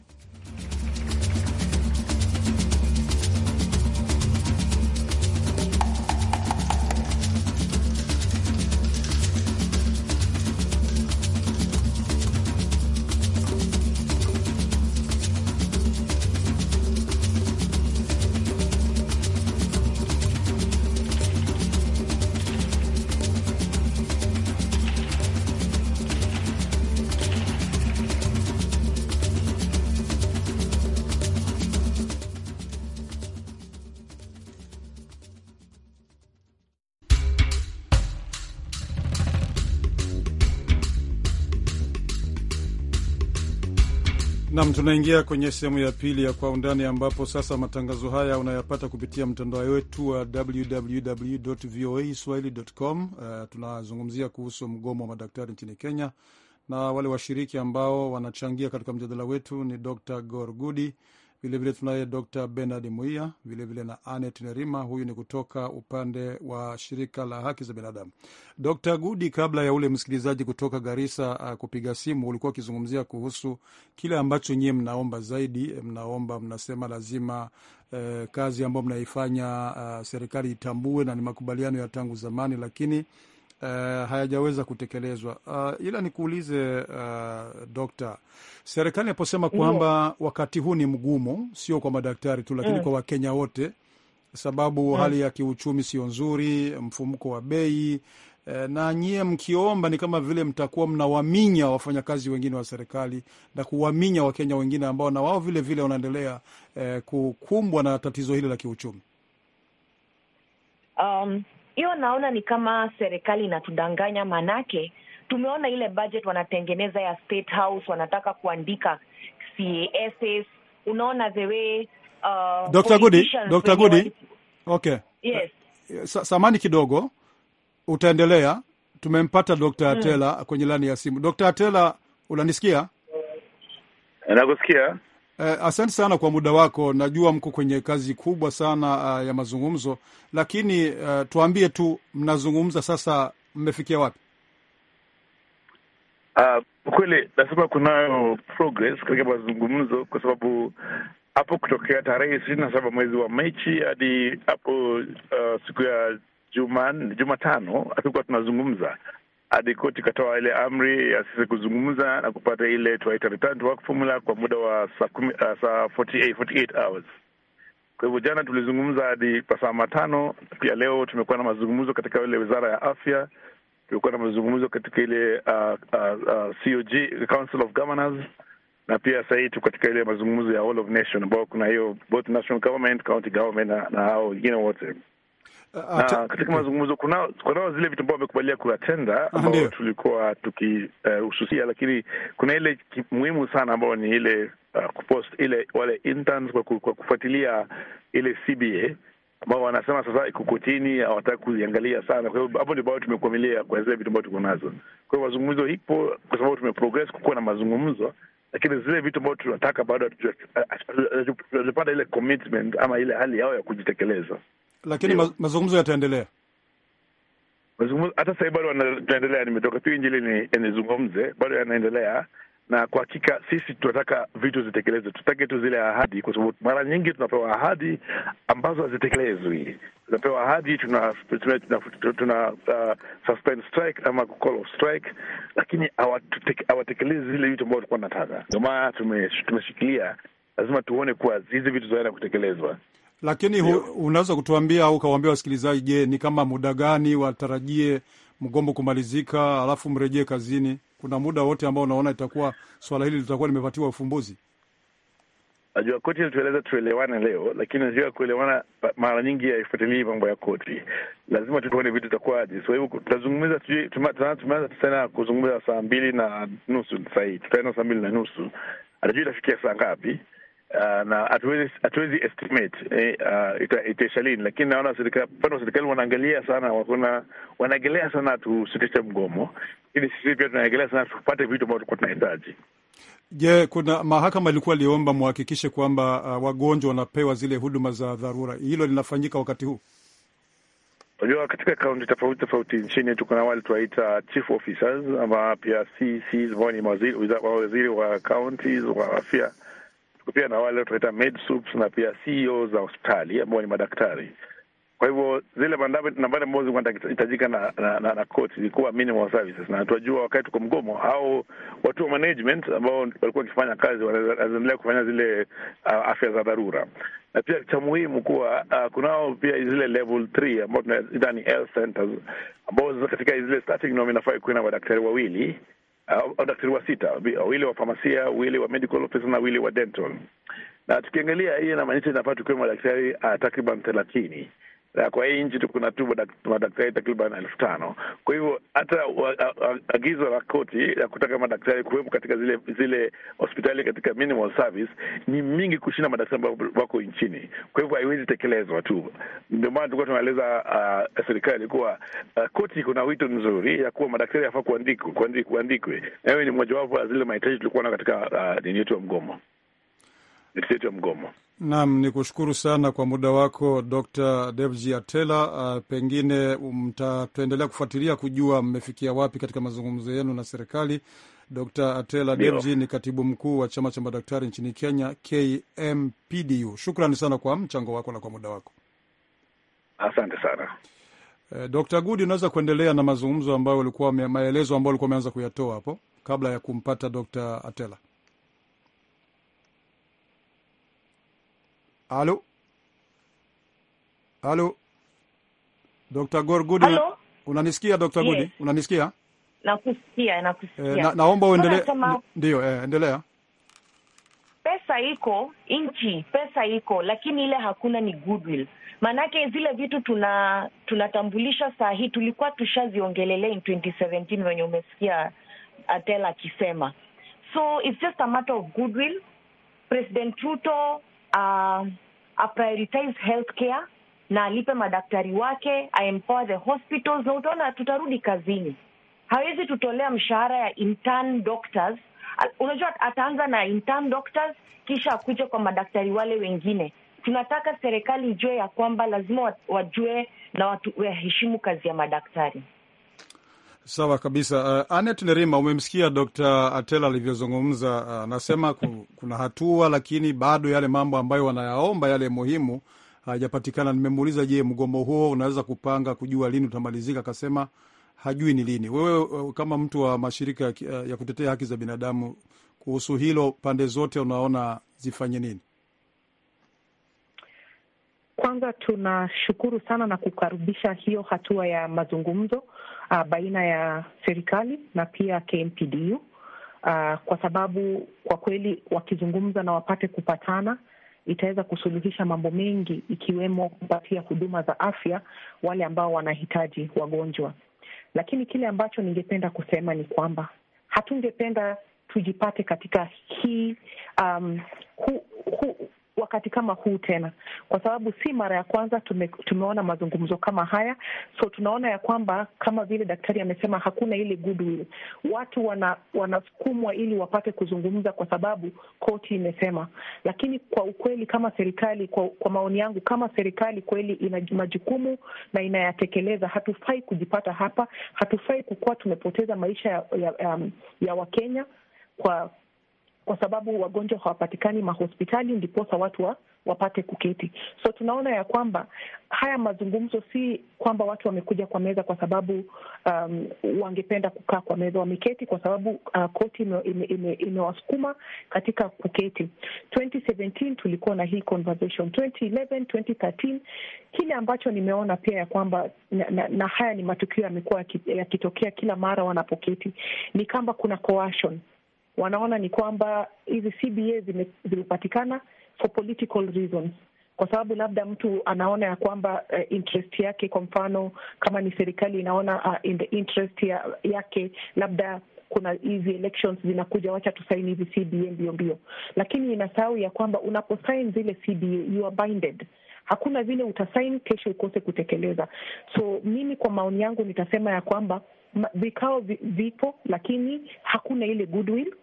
Speaker 2: Nam, tunaingia kwenye sehemu ya pili ya Kwa Undani, ambapo sasa matangazo haya unayapata kupitia mtandao wetu wa www voa swahili.com. Uh, eh, tunazungumzia kuhusu mgomo wa madaktari nchini Kenya, na wale washiriki ambao wanachangia katika mjadala wetu ni Dr Gorgudi Vilevile tunaye Dr Benard Muia, vilevile na Anet Nerima, huyu ni kutoka upande wa shirika la haki za binadamu. Dr Gudi, kabla ya ule msikilizaji kutoka Garisa uh, kupiga simu, ulikuwa ukizungumzia kuhusu kile ambacho nyie mnaomba zaidi, mnaomba mnasema lazima uh, kazi ambayo mnaifanya uh, serikali itambue na ni makubaliano ya tangu zamani, lakini uh, hayajaweza kutekelezwa uh, ila nikuulize uh, dokta, serikali inaposema kwamba yeah, wakati huu ni mgumu, sio kwa madaktari tu, lakini mm. kwa Wakenya wote, sababu mm. hali ya kiuchumi sio nzuri, mfumuko wa bei na nyie mkiomba ni kama vile mtakuwa mnawaminya wafanyakazi wengine wa serikali na kuwaminya Wakenya wengine ambao na wao vile vile wanaendelea eh, kukumbwa na tatizo hili la kiuchumi.
Speaker 3: Um, hiyo naona ni kama serikali inatudanganya, manake tumeona ile budget wanatengeneza ya State House, wanataka kuandika CAS. Unaona the way uh, Dr. Gudi, Dr. Gudi,
Speaker 2: okay, yes, samani kidogo, utaendelea. Tumempata Dr. Hmm. Atela mm, kwenye lani ya simu. Dr. Atela, unanisikia?
Speaker 6: Nakusikia.
Speaker 2: Eh, asante sana kwa muda wako. Najua mko kwenye kazi kubwa sana uh, ya mazungumzo, lakini uh, tuambie tu mnazungumza sasa, mmefikia wapi?
Speaker 6: Uh, kweli nasema kunayo progress katika mazungumzo kwa sababu hapo kutokea tarehe ishirini na saba mwezi wa Mechi hadi hapo uh, siku ya Jumatano hatukuwa tunazungumza, hadi koti ikatoa ile amri ya sisi kuzungumza na kupata ile tuwaita return to work formula kwa muda wa saa kumi, uh, saa 48, 48 hours. Kwa hivyo jana tulizungumza hadi kwa saa matano. Pia leo tumekuwa na mazungumzo katika ile wizara ya afya, tumekuwa na mazungumzo katika ile uh, uh, uh, COG, Council of Governors, na pia sahii tu katika ile mazungumzo ya All of Nation kuna hiyo both national government, county government na, na hao wengine wote uh, na katika mazungumzo kunao kuna zile vitu ambao wamekubalia kuyatenda ambao tulikuwa tukihususia, uh, lakini kuna ile muhimu sana ambayo ni ile uh, kupost ile wale interns kwa, kwa kufuatilia ile CBA ambao wanasema sasa iko kotini, hawataki kuiangalia sana. Kwa hiyo hapo ndio bao tumekuamilia kwa zile vitu ambao tuko nazo. Kwa hiyo mazungumzo hipo kwa sababu tumeprogress kukuwa na mazungumzo lakini zile vitu ambavyo tunataka bado hatujapata ile commitment ama ile hali yao ya kujitekeleza
Speaker 2: lakini Dio. mazungumzo yataendelea
Speaker 6: hata sahi bado yanaendelea. Nimetoka tu Injili nizungumze, bado yanaendelea, na kwa hakika sisi tunataka vitu zitekelezwe, tutake tu zile ahadi, kwa sababu mara nyingi tunapewa ahadi ambazo hazitekelezwi. Tunapewa ahadi, tuna tuna, tuna, tuna, uh, suspend strike ama call of strike, lakini hawatekelezi zile vitu ambao tulikuwa tunataka. Ndio maana tumeshikilia, lazima tuone kuwa hizi vitu zinaenda kutekelezwa.
Speaker 2: Lakini unaweza kutuambia au ukawaambia wasikilizaji, je, ni kama muda gani watarajie mgomo kumalizika, alafu mrejee kazini? Kuna muda wote ambao unaona itakuwa swala hili litakuwa limepatiwa ufumbuzi?
Speaker 6: Najua koti ilitueleza tuelewane leo, lakini najua kuelewana mara nyingi haifuatilii mambo ya koti. Lazima tuone vitu itakuwaje. So hivyo tutazungumza, tumeanza tena kuzungumza saa mbili na nusu sahii, tutaenda saa mbili na nusu, atajua itafikia saa ngapi Uh, na hatuwezi hatuwezi estimate eh, uh, ita, lakini naona upande wa serikali wanaangalia sana, wakuna wanaegelea sana tusitishe mgomo, lakini sisi pia tunaegelea sana tupate vitu ambavyo tulikuwa tunahitaji.
Speaker 2: Je, yeah, kuna mahakama ilikuwa liomba muhakikishe kwamba uh, wagonjwa wanapewa zile huduma za dharura. Hilo linafanyika wakati huu?
Speaker 6: Unajua, katika kaunti tofauti tofauti nchini tuko na wale tuwaita chief officers ama pia CCs ambao ni mawaziri wa kaunti wa afya pia na wale tunaita med soups na pia CEO za hospitali ambao ni madaktari. Kwa hivyo zile nambari ambazo zinahitajika na, na, na, na koti zilikuwa minimal services, na tunajua wakati tuko mgomo au watu wa management ambao walikuwa wakifanya kazi wanaendelea kufanya zile uh, afya za dharura, na pia cha muhimu kuwa uh, kunao pia zile level 3 ambao tunaita ni health centers ambao katika zile starting inafaa kuwe na madaktari wawili uh, wa sita, wawili wa famasia, wawili wa medical officer na wawili wa dental. Na tukiangalia hii inamaanisha inafaa tukiwe madaktari uh, takriban thelathini na eh, kwa hii nchi tukuna tu madaktari takriban elfu tano. Kwa hivyo hata agizo la koti ya kutaka madaktari kuwepo katika zile zile hospitali katika minimal service ni mingi kushinda madaktari ambao wako nchini, kwa hivyo haiwezi tekelezwa tu. Ndio maana tulikuwa tunaeleza uh, serikali kuwa uh, koti kuna wito mzuri ya kuwa madaktari yafaa kuandikwe, na hiyo ni mojawapo ya zile mahitaji tulikuwa nao katika uh, dini yetu ya mgomo nisitishe mgomo.
Speaker 2: Naam, ni kushukuru sana kwa muda wako Dr. Devji Atela. Uh, pengine mtatuendelea kufuatilia kujua mmefikia wapi katika mazungumzo yenu na serikali. Dr. Atela Devji ni katibu mkuu wa chama cha madaktari nchini Kenya, KMPDU. Shukrani sana kwa mchango wako na kwa muda wako, asante sana. Uh, eh, Dr. Gudi, unaweza kuendelea na mazungumzo ambayo ulikuwa, maelezo ambayo ulikuwa umeanza kuyatoa hapo kabla ya kumpata Dr. Atela. allo allo Dr. Gorgudi unanisikia Dr. Yes. Gudi unanisikia?
Speaker 3: Nakusikia, nakusikia. Eh, na, naomba uendelee.
Speaker 2: Ndio, eh, endelea.
Speaker 3: Pesa iko nchi, pesa iko, lakini ile hakuna ni goodwill. Maanake zile vitu tuna tunatambulisha saa hii tulikuwa tushaziongelelea in 2017 wenye umesikia atela akisema, so it's just a matter of goodwill. President Ruto uh, aprioritize healthcare na alipe madaktari wake, aempower the hospitals, na utaona tutarudi kazini. Hawezi tutolea mshahara ya intern doctors. Unajua, ataanza na intern doctors, kisha akuje kwa madaktari wale wengine. Tunataka serikali ijue ya kwamba lazima wajue na watu waheshimu kazi ya madaktari.
Speaker 2: Sawa kabisa. Uh, Anet Nerima, umemsikia Dr. Atela alivyozungumza. Uh, anasema uh, kuna hatua, lakini bado yale mambo ambayo wanayaomba yale muhimu hayajapatikana. Uh, nimemuuliza, je, mgomo huo unaweza kupanga kujua lini utamalizika? Akasema hajui ni lini. Wewe uh, kama mtu wa mashirika uh, ya kutetea haki za binadamu, kuhusu hilo, pande zote unaona zifanye nini?
Speaker 3: Kwanza tunashukuru sana na kukaribisha hiyo hatua ya mazungumzo uh, baina ya serikali na pia KMPDU uh, kwa sababu kwa kweli wakizungumza na wapate kupatana itaweza kusuluhisha mambo mengi ikiwemo kupatia huduma za afya wale ambao wanahitaji wagonjwa. Lakini kile ambacho ningependa kusema ni kwamba hatungependa tujipate katika hii um, hu, hu, wakati kama huu tena, kwa sababu si mara ya kwanza tume, tumeona mazungumzo kama haya. So tunaona ya kwamba kama vile daktari amesema, hakuna ile goodwill. Watu wana, wanasukumwa ili wapate kuzungumza kwa sababu koti imesema. Lakini kwa ukweli kama serikali, kwa, kwa maoni yangu, kama serikali kweli ina majukumu na inayatekeleza, hatufai kujipata hapa, hatufai kukuwa tumepoteza maisha ya, ya, ya, ya Wakenya kwa kwa sababu wagonjwa hawapatikani mahospitali, ndiposa watu wa, wapate kuketi. So tunaona ya kwamba haya mazungumzo si kwamba watu wamekuja kwa meza kwa sababu um, wangependa kukaa kwa meza, wameketi kwa sababu uh, koti imewasukuma ime, ime katika kuketi. 2017 tulikuwa na hii conversation, 2011, 2013. Kile ambacho nimeona pia ya kwamba na, na, na haya ni matukio yamekuwa yakitokea kila mara wanapoketi, ni kwamba kuna coercion wanaona ni kwamba hizi CBA zimepatikana for political reasons kwa sababu labda mtu anaona ya kwamba uh, interest yake, kwa mfano kama ni serikali inaona uh, in the interest ya, yake labda kuna hizi elections zinakuja, wacha tusaini hizi CBA mbio mbio, lakini inasahau ya kwamba unaposain zile CBA you are binded Hakuna vile utasaini kesho ukose kutekeleza. So mimi kwa maoni yangu nitasema ya kwamba vikao vipo, lakini hakuna ile goodwill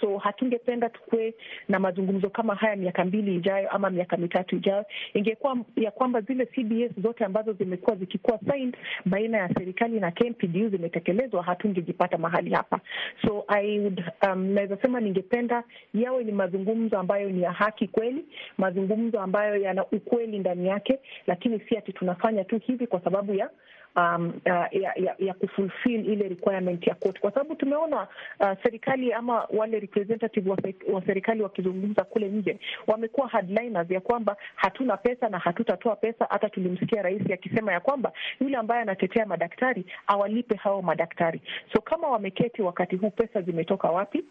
Speaker 3: So hatungependa tukuwe na mazungumzo kama haya miaka mbili ijayo ama miaka mitatu ijayo. Ingekuwa ya kwamba zile CBS zote ambazo zimekuwa zikikuwa signed baina ya serikali na KMPDU zimetekelezwa, hatungejipata mahali hapa. So I would um, naweza sema ningependa yawe ni mazungumzo ambayo ni ya haki kweli, mazungumzo ambayo yana ukweli ndani yake, lakini si ati tunafanya tu hivi kwa sababu ya um, uh, ya, ya, ya kufulfill ile requirement ya koti, kwa sababu tumeona uh, serikali ama wale representative wa serikali wakizungumza kule nje wamekuwa hardliners ya kwamba hatuna pesa na hatutatoa pesa. Hata tulimsikia rais akisema ya, ya kwamba yule ambaye anatetea madaktari awalipe hao madaktari. So kama wameketi wakati huu, pesa zimetoka wapi?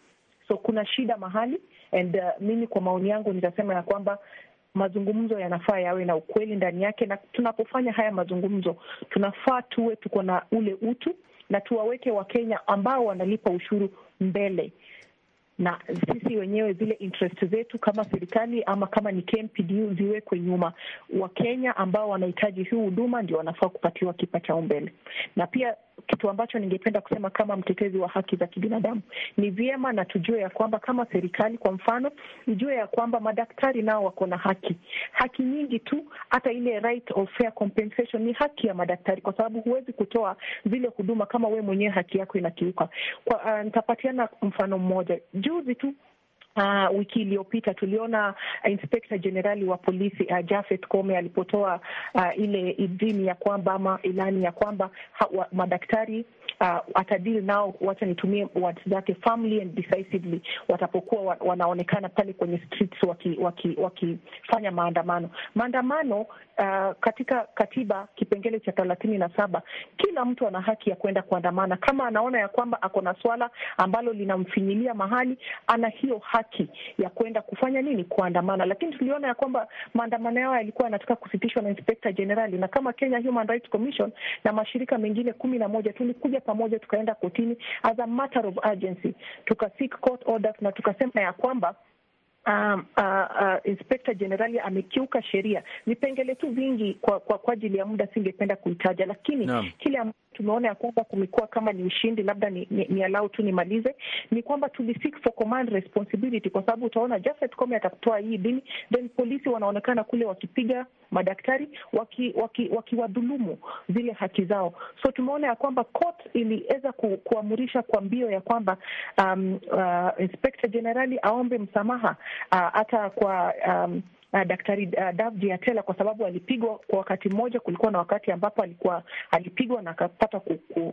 Speaker 3: So kuna shida mahali and uh, mimi kwa maoni yangu nitasema ya kwamba mazungumzo yanafaa yawe na ukweli ndani yake, na tunapofanya haya mazungumzo tunafaa tuwe tuko na ule utu na tuwaweke Wakenya ambao wanalipa ushuru mbele na sisi wenyewe zile interest zetu kama serikali ama kama ni KMPDU ziwekwe nyuma. Wakenya ambao wanahitaji hii huduma ndio wanafaa kupatiwa kipa chao mbele na pia kitu ambacho ningependa kusema kama mtetezi wa haki za kibinadamu, ni vyema na tujue ya kwamba kama serikali kwa mfano ijue ya kwamba madaktari nao wako na haki, haki nyingi tu. Hata ile right of fair compensation ni haki ya madaktari, kwa sababu huwezi kutoa zile huduma kama we mwenyewe haki yako inakiuka. uh, nitapatiana mfano mmoja. Juzi tu Uh, wiki iliyopita tuliona eh, inspekta Generali wa polisi uh, eh, Jafet Kome alipotoa uh, ile idhini ya kwamba ama ilani ya kwamba hawa, madaktari uh, atadili nao, wacha nitumie words zake firmly and decisively, watapokuwa wa, wanaonekana pale kwenye streets wakifanya waki, waki maandamano maandamano. Uh, katika katiba kipengele cha thelathini na saba kila mtu ana haki ya kwenda kuandamana kama anaona ya kwamba ako na swala ambalo linamfinyilia mahali, ana hiyo haki haki ya kuenda kufanya nini, kuandamana. Lakini tuliona ya kwamba maandamano yao yalikuwa yanataka kusitishwa na inspekta jenerali, na kama Kenya Human Rights Commission na mashirika mengine kumi na moja tulikuja pamoja, tukaenda kotini as a matter of urgency, tuka seek court orders na tukasema ya kwamba um, Uh, uh, uh, Inspekta Jenerali amekiuka sheria, vipengele tu vingi kwa kwa ajili ya muda singependa kuitaja, lakini no. kile tumeona ya kwamba kumekuwa kama ni ushindi, labda ni, ni, ni alau tu nimalize, ni kwamba tuliseek for command responsibility, kwa sababu utaona Joseph atatoa hii bili, then polisi wanaonekana kule wakipiga madaktari wakiwadhulumu waki, waki zile haki zao. So tumeona ya kwamba court iliweza ku, kuamurisha kwa mbio ya kwamba um, uh, inspector generali aombe msamaha uh, hata uh, kwa um, uh, Daktari uh, ah, Davji Atela kwa sababu alipigwa kwa wakati mmoja. Kulikuwa na wakati ambapo alikuwa alipigwa na akapata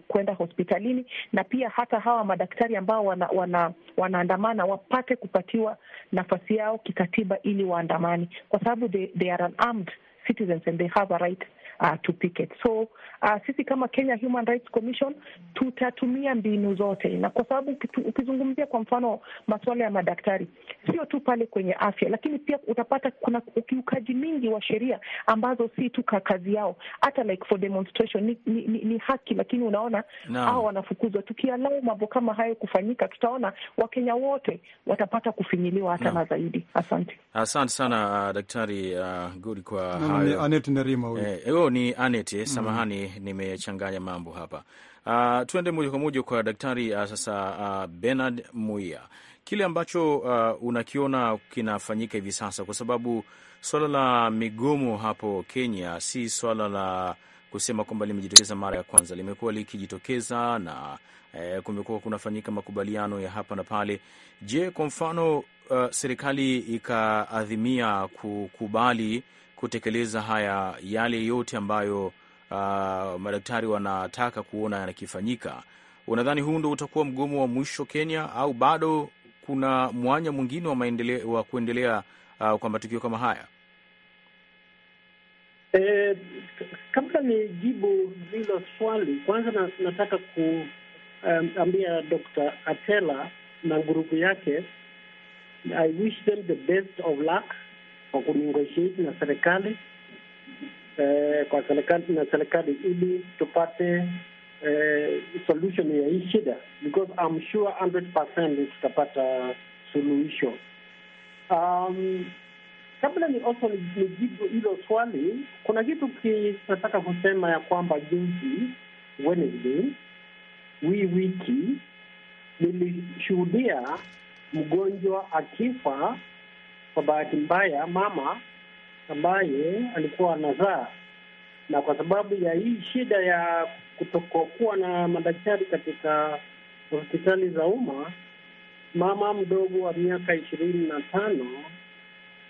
Speaker 3: kwenda ku, ku, hospitalini, na pia hata hawa madaktari ambao wana, wana, wanaandamana wapate kupatiwa nafasi yao kikatiba ili waandamani, kwa sababu they, they are an armed citizens and they have a right uh, tupike. So uh, sisi kama Kenya Human Rights Commission tutatumia mbinu zote, na kwa sababu ukizungumzia kwa mfano masuala ya madaktari, sio tu pale kwenye afya, lakini pia utapata kuna ukiukaji mingi wa sheria ambazo si tu kazi yao, hata like for demonstration ni, ni, ni, ni haki, lakini unaona hao wanafukuzwa. Tukialau mambo kama hayo kufanyika, tutaona Wakenya wote watapata kufinyiliwa hata na zaidi. Asante,
Speaker 1: asante sana uh, Daktari uh, Gudi kwa hayo. Anet Ndarima ni anet mm-hmm. samahani mm. nimechanganya mambo hapa. Uh, tuende moja kwa moja kwa daktari uh, sasa uh, Bernard Muia, kile ambacho uh, unakiona kinafanyika hivi sasa, kwa sababu swala la migomo hapo Kenya si swala la kusema kwamba limejitokeza mara ya kwanza, limekuwa likijitokeza na eh, kumekuwa kunafanyika makubaliano ya hapa na pale. Je, kwa mfano uh, serikali ikaadhimia kukubali kutekeleza haya yale yote ambayo uh, madaktari wanataka kuona yanakifanyika, unadhani huu ndo utakuwa mgomo wa mwisho Kenya au bado kuna mwanya mwingine wa wa kuendelea uh, kwa matukio kama haya?
Speaker 4: E, kabla nijibu hilo swali, kwanza na, nataka kuambia eh, um, Dr. Atela na gurugu yake I wish them the best of luck kwa kunegotiate na serikali eh, kwa serikali na serikali ili tupate eh, solution ya hii shida, because I'm sure 100% tutapata suluhisho. Um, kabla ni also nijibu hilo swali, kuna kitu kinataka kusema ya kwamba juzi Wednesday hii wiki nilishuhudia mgonjwa akifa kwa bahati mbaya, mama ambaye alikuwa anazaa, na kwa sababu ya hii shida ya kutokokuwa na madaktari katika hospitali za umma, mama mdogo wa miaka ishirini na tano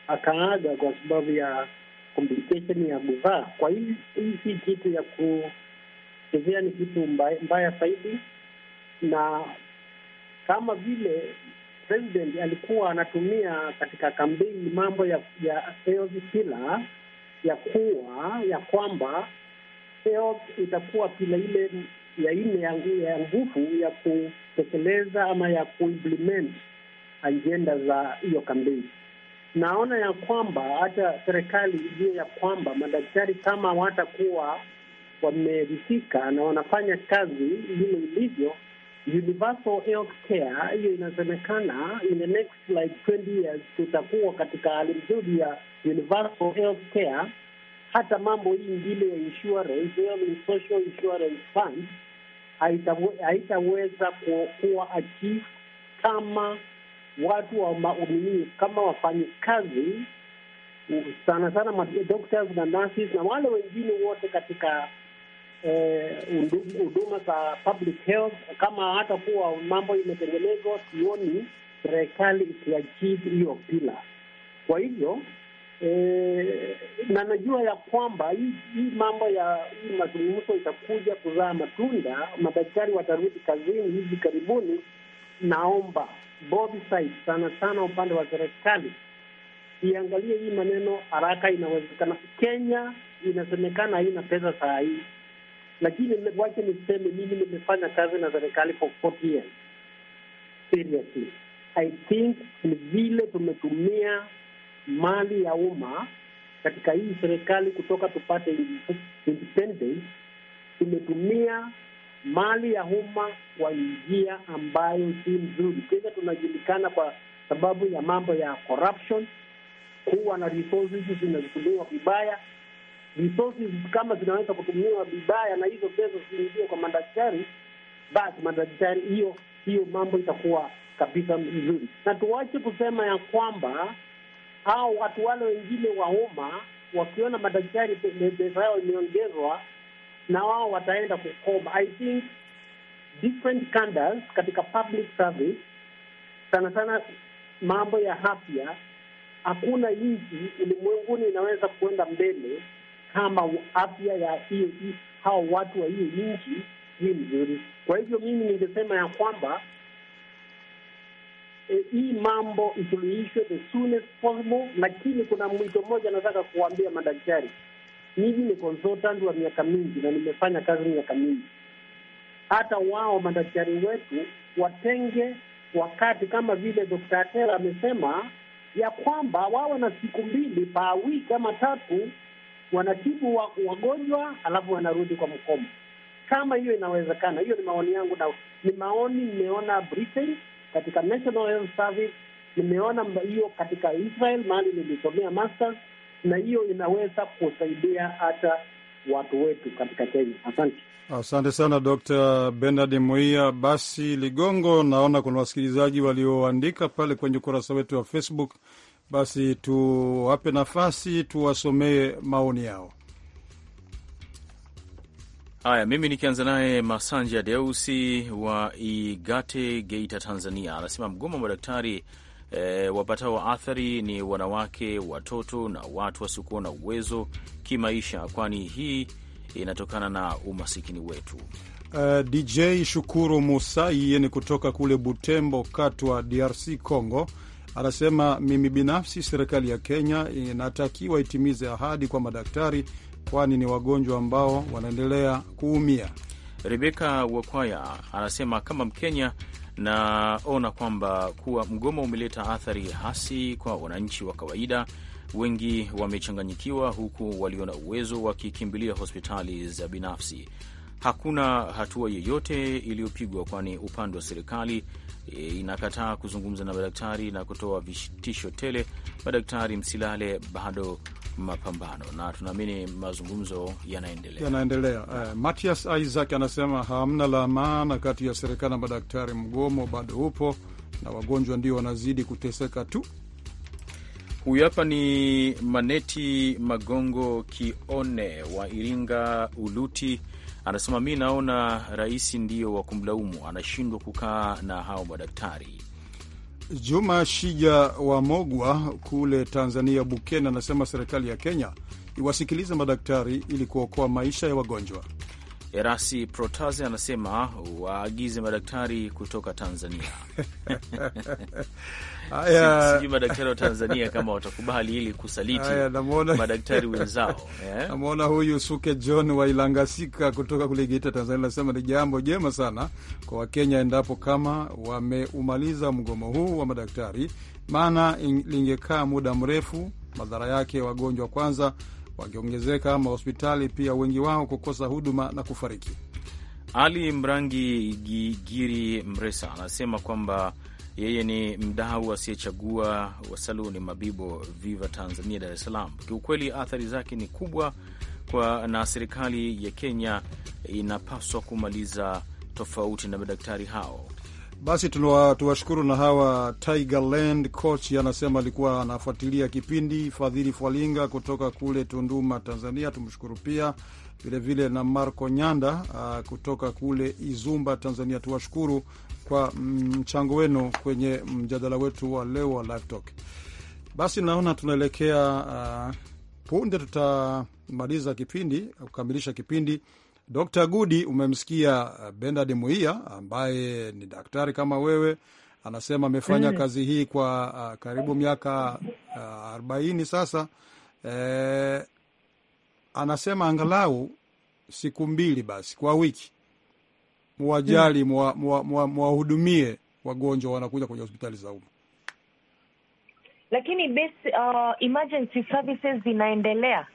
Speaker 4: akaaga kwa sababu ya complication ya buvaa. Kwa hii hii si kitu ya kuchezea, ni kitu mbaya zaidi na kama vile president alikuwa anatumia katika kampeni mambo ya ya pillar ya kuwa ya kwamba itakuwa pila ile ya nne ya nguvu ya kutekeleza ama ya kuimplement ajenda za hiyo kampeni. Naona ya kwamba hata serikali ijue ya kwamba madaktari kama watakuwa wameridhika na wanafanya kazi vile ilivyo, universal health care hiyo inasemekana, in the next like 20 years tutakuwa katika hali nzuri ya universal health care. Hata mambo hii ingine ya insurance, social insurance fund haitaweza kuwa achieve kama watu wa maumini, kama wafanyikazi sana sana madoctors na nurses na wale wengine wote katika Eh, huduma eh, za public health kama hata kuwa mambo imetengenezwa, sioni serikali ikiajidi hiyo pila. Kwa hivyo eh, na najua ya kwamba hii mambo ya hii mazungumzo itakuja kuzaa matunda, madaktari watarudi kazini hivi karibuni. Naomba both sides, sana sana upande wa serikali iangalie hii maneno haraka inawezekana. Kenya inasemekana haina pesa saa hii lakini wacha niseme mimi nimefanya kazi na serikali for years seriously. I think ni vile tumetumia mali ya umma katika hii serikali kutoka tupate independence, tumetumia mali ya umma kwa njia ambayo si mzuri. kenya tunajulikana kwa sababu ya mambo ya corruption, kuwa na resources zinachukuliwa vibaya resources kama zinaweza kutumiwa vibaya na hizo pesa ziingie kwa madaktari, basi madaktari, hiyo hiyo mambo itakuwa kabisa mzuri, na tuwache kusema ya kwamba hao watu wale wengine wa umma wakiona madaktari pesa yao imeongezwa, na wao wataenda kukoma. I think different candas katika public service, sana sana mambo ya afya, hakuna nchi ulimwenguni inaweza kuenda mbele kama afya ya hiyo hao watu wa hiyo nchi ni mzuri. Kwa hivyo mimi ningesema ya kwamba e, hii mambo isuluhishwe the soonest possible, lakini kuna mwito mmoja nataka kuwaambia madaktari. Mimi ni consultant wa miaka mingi na nimefanya kazi miaka mingi. Hata wao madaktari wetu watenge wakati kama vile Dr. Atera amesema ya kwamba wawe na siku mbili pa wiki ama tatu wanatibu wa, wagonjwa alafu wanarudi kwa mkomo. Kama hiyo inawezekana, hiyo ni maoni yangu, na ni maoni nimeona Britain katika National Health Service, nimeona hiyo katika Israel mahali nilisomea masters, na hiyo inaweza kusaidia hata watu wetu katika Kenya. Asante,
Speaker 2: asante sana Dr. Bernard Muia. Basi Ligongo, naona kuna wasikilizaji walioandika pale kwenye ukurasa wetu wa Facebook. Basi tuwape nafasi tuwasomee maoni yao.
Speaker 1: Haya, mimi nikianza naye Masanja Deusi wa Igate, Geita, Tanzania, anasema mgomo wa madaktari e, eh, wapatao athari ni wanawake, watoto na watu wasiokuwa na uwezo kimaisha, kwani hii inatokana na umasikini wetu.
Speaker 2: Uh, eh, DJ Shukuru Musa yeye ni kutoka kule Butembo Katwa, DRC Congo, Anasema mimi binafsi, serikali ya Kenya inatakiwa itimize ahadi kwa madaktari, kwani ni wagonjwa ambao wanaendelea kuumia.
Speaker 1: Rebeka Wakwaya anasema kama Mkenya naona kwamba kuwa mgomo umeleta athari hasi kwa wananchi wa kawaida. Wengi wamechanganyikiwa, huku walio na uwezo wakikimbilia hospitali za binafsi hakuna hatua yeyote iliyopigwa, kwani upande wa serikali e, inakataa kuzungumza na madaktari na kutoa vitisho tele, madaktari msilale, bado mapambano, na tunaamini mazungumzo yanaendelea
Speaker 2: yanaendelea. Uh, eh, Matias Isaac anasema hamna la maana kati ya serikali na madaktari, mgomo bado upo na wagonjwa ndio wanazidi kuteseka tu.
Speaker 1: Huyu hapa ni Maneti Magongo Kione wa Iringa Uluti Anasema mi naona rais ndio wa kumlaumu, anashindwa kukaa na hao madaktari.
Speaker 2: Juma Shija wa Mogwa kule Tanzania, Bukene, anasema serikali ya Kenya iwasikilize madaktari ili kuokoa maisha ya wagonjwa.
Speaker 1: Erasi Protase anasema waagize madaktari kutoka Tanzania. Sijui madaktari wa Tanzania kama watakubali ili kusaliti namwona madaktari wenzao yeah.
Speaker 2: Namwona huyu Suke John Wailangasika kutoka kule Geita, Tanzania, anasema ni jambo jema sana kwa Wakenya endapo kama wameumaliza mgomo huu wa madaktari, maana lingekaa muda mrefu, madhara yake wagonjwa kwanza wakiongezeka, mahospitali pia wengi wao kukosa huduma na kufariki.
Speaker 1: Ali Mrangi Gigiri Mresa anasema kwamba yeye ni mdau asiyechagua wa saluni Mabibo Viva Tanzania, Dar es Salaam. Kiukweli athari zake ni kubwa kwa, na serikali ya Kenya inapaswa kumaliza tofauti na madaktari hao.
Speaker 2: Basi tuwashukuru na hawa tiger land coach anasema alikuwa anafuatilia kipindi. Fadhili Fwalinga kutoka kule Tunduma, Tanzania, tumshukuru pia vilevile vile na Marco Nyanda uh, kutoka kule Izumba, Tanzania, tuwashukuru kwa mm, mchango wenu kwenye mjadala wetu wa leo wa Live Talk. Basi naona tunaelekea uh, punde tutamaliza kipindi kukamilisha kipindi Dr. Gudi, umemsikia uh, Bernard Muia ambaye ni daktari kama wewe, anasema amefanya mm. kazi hii kwa uh, karibu miaka uh, arobaini sasa. Eh, anasema angalau siku mbili basi kwa wiki muwajali, mwa, mm. mwa wagonjwa wanakuja kwenye hospitali za umma
Speaker 3: lakini basi, uh, emergency services zinaendelea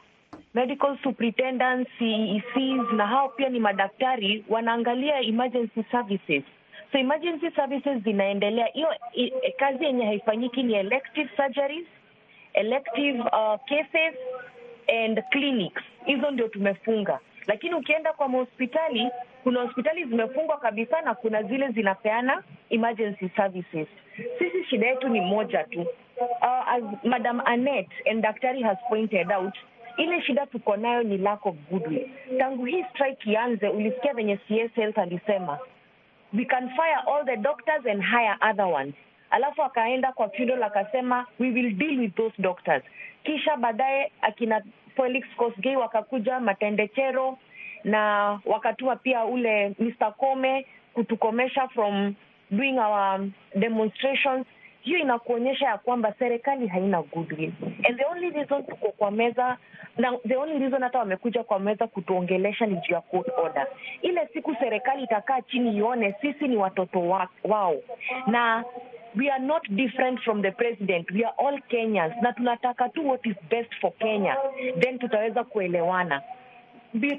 Speaker 3: medical superintendents, CECs na hao pia ni madaktari wanaangalia emergency services. So emergency services zinaendelea. Hiyo e, kazi yenye haifanyiki ni elective surgeries, elective uh, cases and clinics. Hizo ndio tumefunga, lakini ukienda kwa mahospitali, kuna hospitali zimefungwa kabisa na kuna zile zinapeana emergency services. Sisi shida yetu ni moja tu. Uh, as Madam Annette and Daktari has pointed out ile shida tuko nayo ni lack of goodwill. Tangu hii strike ianze, ulisikia venye CS Health alisema we can fire all the doctors and hire other ones, alafu akaenda kwa funeral akasema we will deal with those doctors. Kisha baadaye akina Felix Kosgei wakakuja Matendechero na wakatuma pia ule Mr Kome kutukomesha from doing our demonstrations hiyo inakuonyesha ya kwamba serikali haina goodwill and the only reason tuko kwa meza na the only reason hata wamekuja kwa meza kutuongelesha ni juu ya court order. Ile siku serikali itakaa chini ione sisi ni watoto wa, wao na we are not different from the president, we are all Kenyans na tunataka tu what is best for Kenya, then tutaweza kuelewana.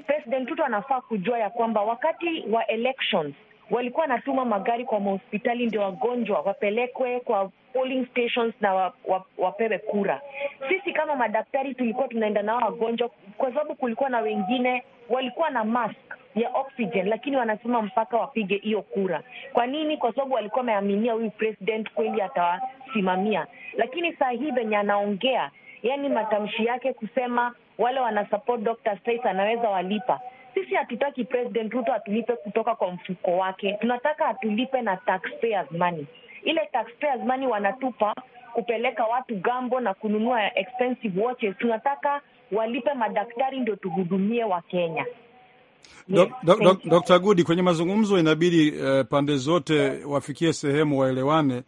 Speaker 3: President Ruto anafaa kujua ya kwamba wakati wa elections walikuwa wanatuma magari kwa mahospitali ndio wagonjwa wapelekwe kwa polling stations na wa, wa, wapewe kura. Sisi kama madaktari tulikuwa tunaenda nao wagonjwa, kwa sababu kulikuwa na wengine walikuwa na mask ya oxygen, lakini wanasema mpaka wapige hiyo kura. Kwa nini? Kwa sababu walikuwa wameaminia huyu president kweli atawasimamia, lakini saa hii venye anaongea, yani matamshi yake kusema wale wana Dr. Stace anaweza walipa sisi hatutaki President Ruto atulipe kutoka kwa mfuko wake, tunataka atulipe na taxpayers money. Ile taxpayers money wanatupa kupeleka watu gambo na kununua expensive watches, tunataka walipe madaktari ndio tuhudumie wa Kenya.
Speaker 2: Dr. Gudi, kwenye mazungumzo inabidi uh, pande zote wafikie sehemu waelewane,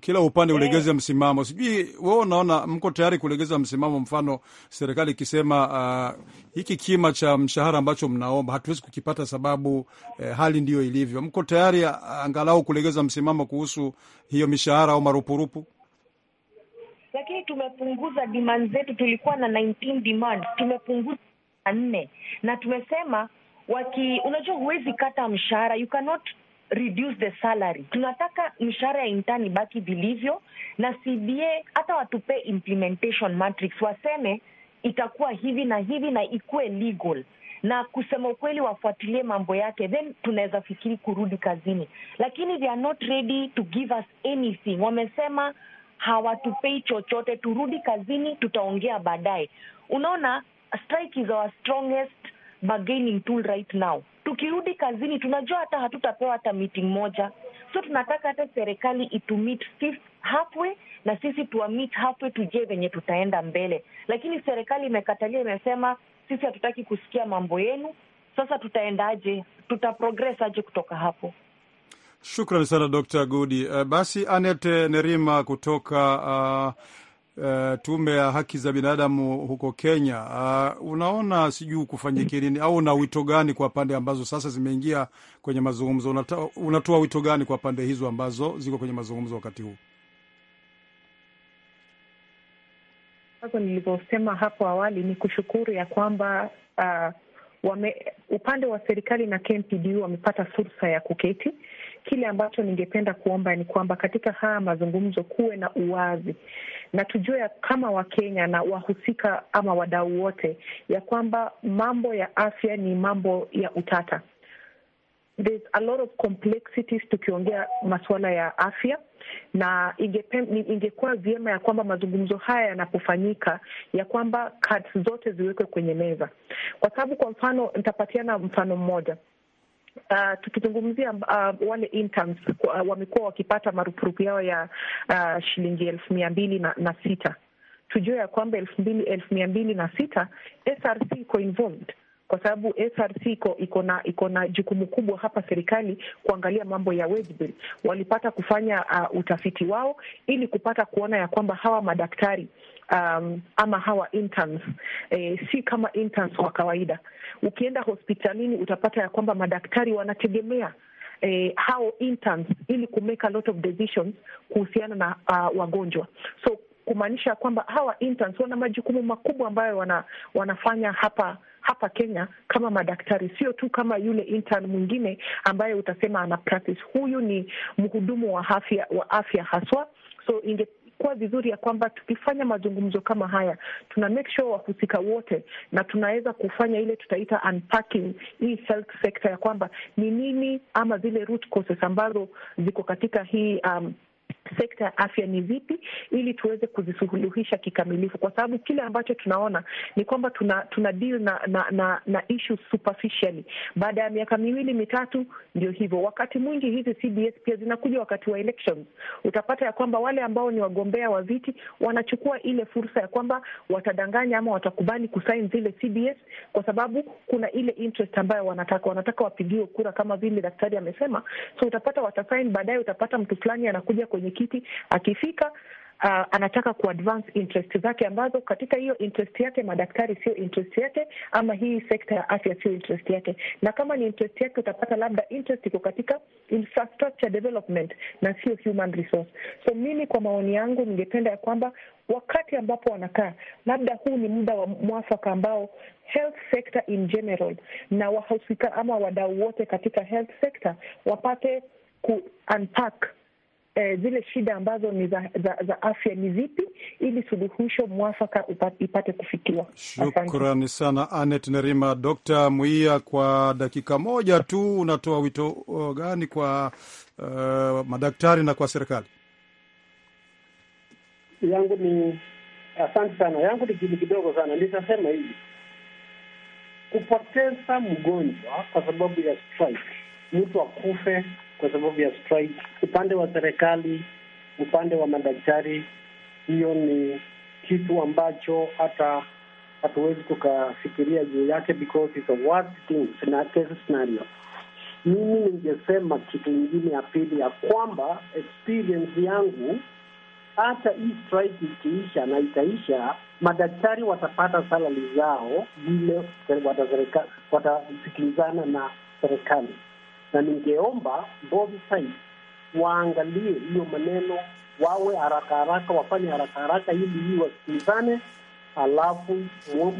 Speaker 2: kila upande eh. ulegeze msimamo. Sijui wewe unaona, mko tayari kulegeza msimamo? Mfano serikali ikisema uh, hiki kima cha mshahara ambacho mnaomba hatuwezi kukipata sababu eh, hali ndiyo ilivyo, mko tayari ah, angalau kulegeza msimamo kuhusu hiyo mishahara au marupurupu?
Speaker 3: Lakini tumepunguza demand zetu, tulikuwa na 19 demand, tumepunguza nne, na tumesema waki, unajua huwezi kata mshahara, you cannot reduce the salary. Tunataka mishahara ya intani baki vilivyo, na CBA hata watupee implementation matrix, waseme itakuwa hivi na hivi na ikuwe legal na kusema ukweli, wafuatilie mambo yake, then tunaweza fikiri kurudi kazini, lakini they are not ready to give us anything. Wamesema hawatupei chochote, turudi kazini, tutaongea baadaye. Unaona, strike is our strongest bargaining tool right now tukirudi kazini tunajua hata hatutapewa hata meeting moja, so tunataka hata serikali itumit halfway na sisi tuwamit halfway, tujie venye tutaenda mbele, lakini serikali imekatalia, imesema sisi hatutaki kusikia mambo yenu. Sasa tutaendaje? Tutaprogress aje kutoka hapo?
Speaker 2: Shukran sana Dr. Gudi. Uh, basi Anet Nerima kutoka uh, uh, tume ya haki za binadamu huko Kenya. Uh, unaona sijui kufanyike nini au una wito gani kwa pande ambazo sasa zimeingia kwenye mazungumzo? Unatoa, wito gani kwa pande hizo ambazo ziko kwenye mazungumzo wakati huu?
Speaker 3: Sasa nilivyosema hapo awali ni kushukuru ya kwamba uh, wame, upande wa serikali na KMPDU wamepata fursa ya kuketi kile ambacho ningependa kuomba ni kwamba katika haya mazungumzo kuwe na uwazi na tujue kama Wakenya na wahusika ama wadau wote ya kwamba mambo ya afya ni mambo ya utata. There's a lot of complexities tukiongea masuala ya afya na ingekuwa vyema ya kwamba mazungumzo haya yanapofanyika, ya kwamba cards zote ziwekwe kwenye meza, kwa sababu, kwa mfano, nitapatiana mfano mmoja uh, tukizungumzia uh, wale interns uh, wamekuwa wakipata marupurupu yao ya uh, shilingi elfu mia mbili na, na sita. Tujue ya kwamba elfu mbili elfu mia mbili na sita SRC iko involved kwa sababu SRC iko iko na iko na jukumu kubwa hapa serikali kuangalia mambo ya wage bill. Walipata kufanya uh, utafiti wao ili kupata kuona ya kwamba hawa madaktari um, ama hawa interns eh, si kama interns wa kawaida. Ukienda hospitalini utapata ya kwamba madaktari wanategemea eh, hao interns ili kumake a lot of decisions kuhusiana na uh, wagonjwa so kumaanisha kwamba hawa interns wana majukumu makubwa ambayo wana, wanafanya hapa hapa Kenya kama madaktari, sio tu kama yule intern mwingine ambaye utasema ana practice. Huyu ni mhudumu wa afya wa afya haswa, so inge kuwa vizuri ya kwamba tukifanya mazungumzo kama haya tuna make sure wahusika wote, na tunaweza kufanya ile tutaita unpacking hii health sector ya kwamba ni nini ama zile root causes ambazo ziko katika hii um, sekta ya afya ni vipi, ili tuweze kuzisuluhisha kikamilifu, kwa sababu kile ambacho tunaona ni kwamba tuna, tuna deal na na, na, na issue superficially. Baada ya miaka miwili mitatu, ndio hivyo. Wakati mwingi hizi CBS pia zinakuja wakati wa elections. Utapata ya kwamba wale ambao ni wagombea wa viti wanachukua ile fursa ya kwamba watadanganya ama watakubali kusain zile CBS kwa sababu kuna ile interest ambayo wanataka, wanataka wapigiwe kura kama vile daktari amesema. So utapata watasain, baadaye utapata mtu fulani anakuja kwenye mwenyekiti akifika Uh, anataka kuadvance interest zake ambazo katika hiyo interest yake madaktari sio interest yake, ama hii sekta ya afya sio interest yake. Na kama ni interest yake, utapata labda interest iko katika infrastructure development na sio human resource. So mimi kwa maoni yangu ningependa ya kwamba wakati ambapo wanakaa, labda huu ni muda wa mwafaka ambao health sector in general na wahusika ama wadau wote katika health sector wapate ku unpack eh, zile shida ambazo ni za, za, za afya ni zipi, ili suluhisho mwafaka ipate kufikiwa.
Speaker 2: Shukrani sana Anet Nerima. Dr. mwia kwa dakika moja tu, unatoa wito uh, gani kwa uh, madaktari na kwa serikali?
Speaker 4: yangu ni asante sana, yangu ni kidogo sana. Nitasema hivi, kupoteza mgonjwa kwa sababu ya strike, mtu akufe kwa sababu ya strike. Upande wa serikali, upande wa madaktari, hiyo ni kitu ambacho hata hatuwezi tukafikiria juu yake because it's a worst thing scenario. Mimi ningesema kitu ingine ya pili ya kwamba experience yangu hata hii strike ikiisha na itaisha, madaktari watapata salari zao vile watasikilizana na serikali na ningeomba both sides waangalie hiyo maneno, wawe haraka haraka, wafanye haraka haraka ili hii wasikilizane, alafu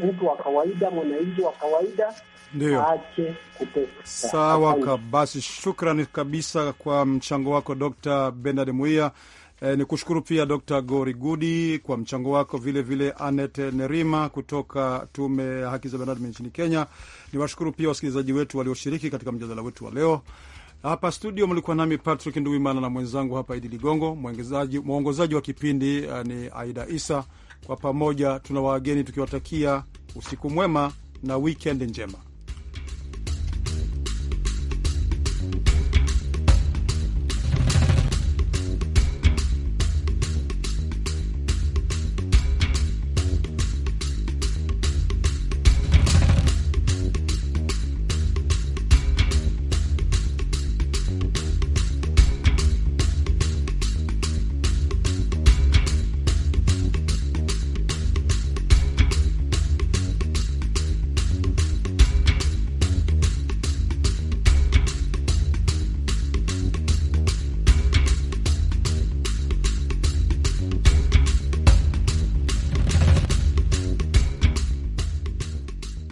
Speaker 4: mtu wa kawaida, mwananchi wa kawaida ndio aache kuteseka. Sawa
Speaker 2: kabasi, shukrani kabisa kwa mchango wako Dr. Benard Muia. E, ni kushukuru pia Dr. Gori Gudi kwa mchango wako, vilevile Anet Nerima kutoka Tume ya Haki za Binadamu nchini Kenya. Ni washukuru pia wasikilizaji wetu walioshiriki katika mjadala wetu wa leo. Hapa studio mlikuwa nami Patrick nduimana na mwenzangu hapa Idi Ligongo. Mwongozaji wa kipindi eh, ni Aida Isa. Kwa pamoja tuna wageni tukiwatakia usiku mwema na wikendi njema.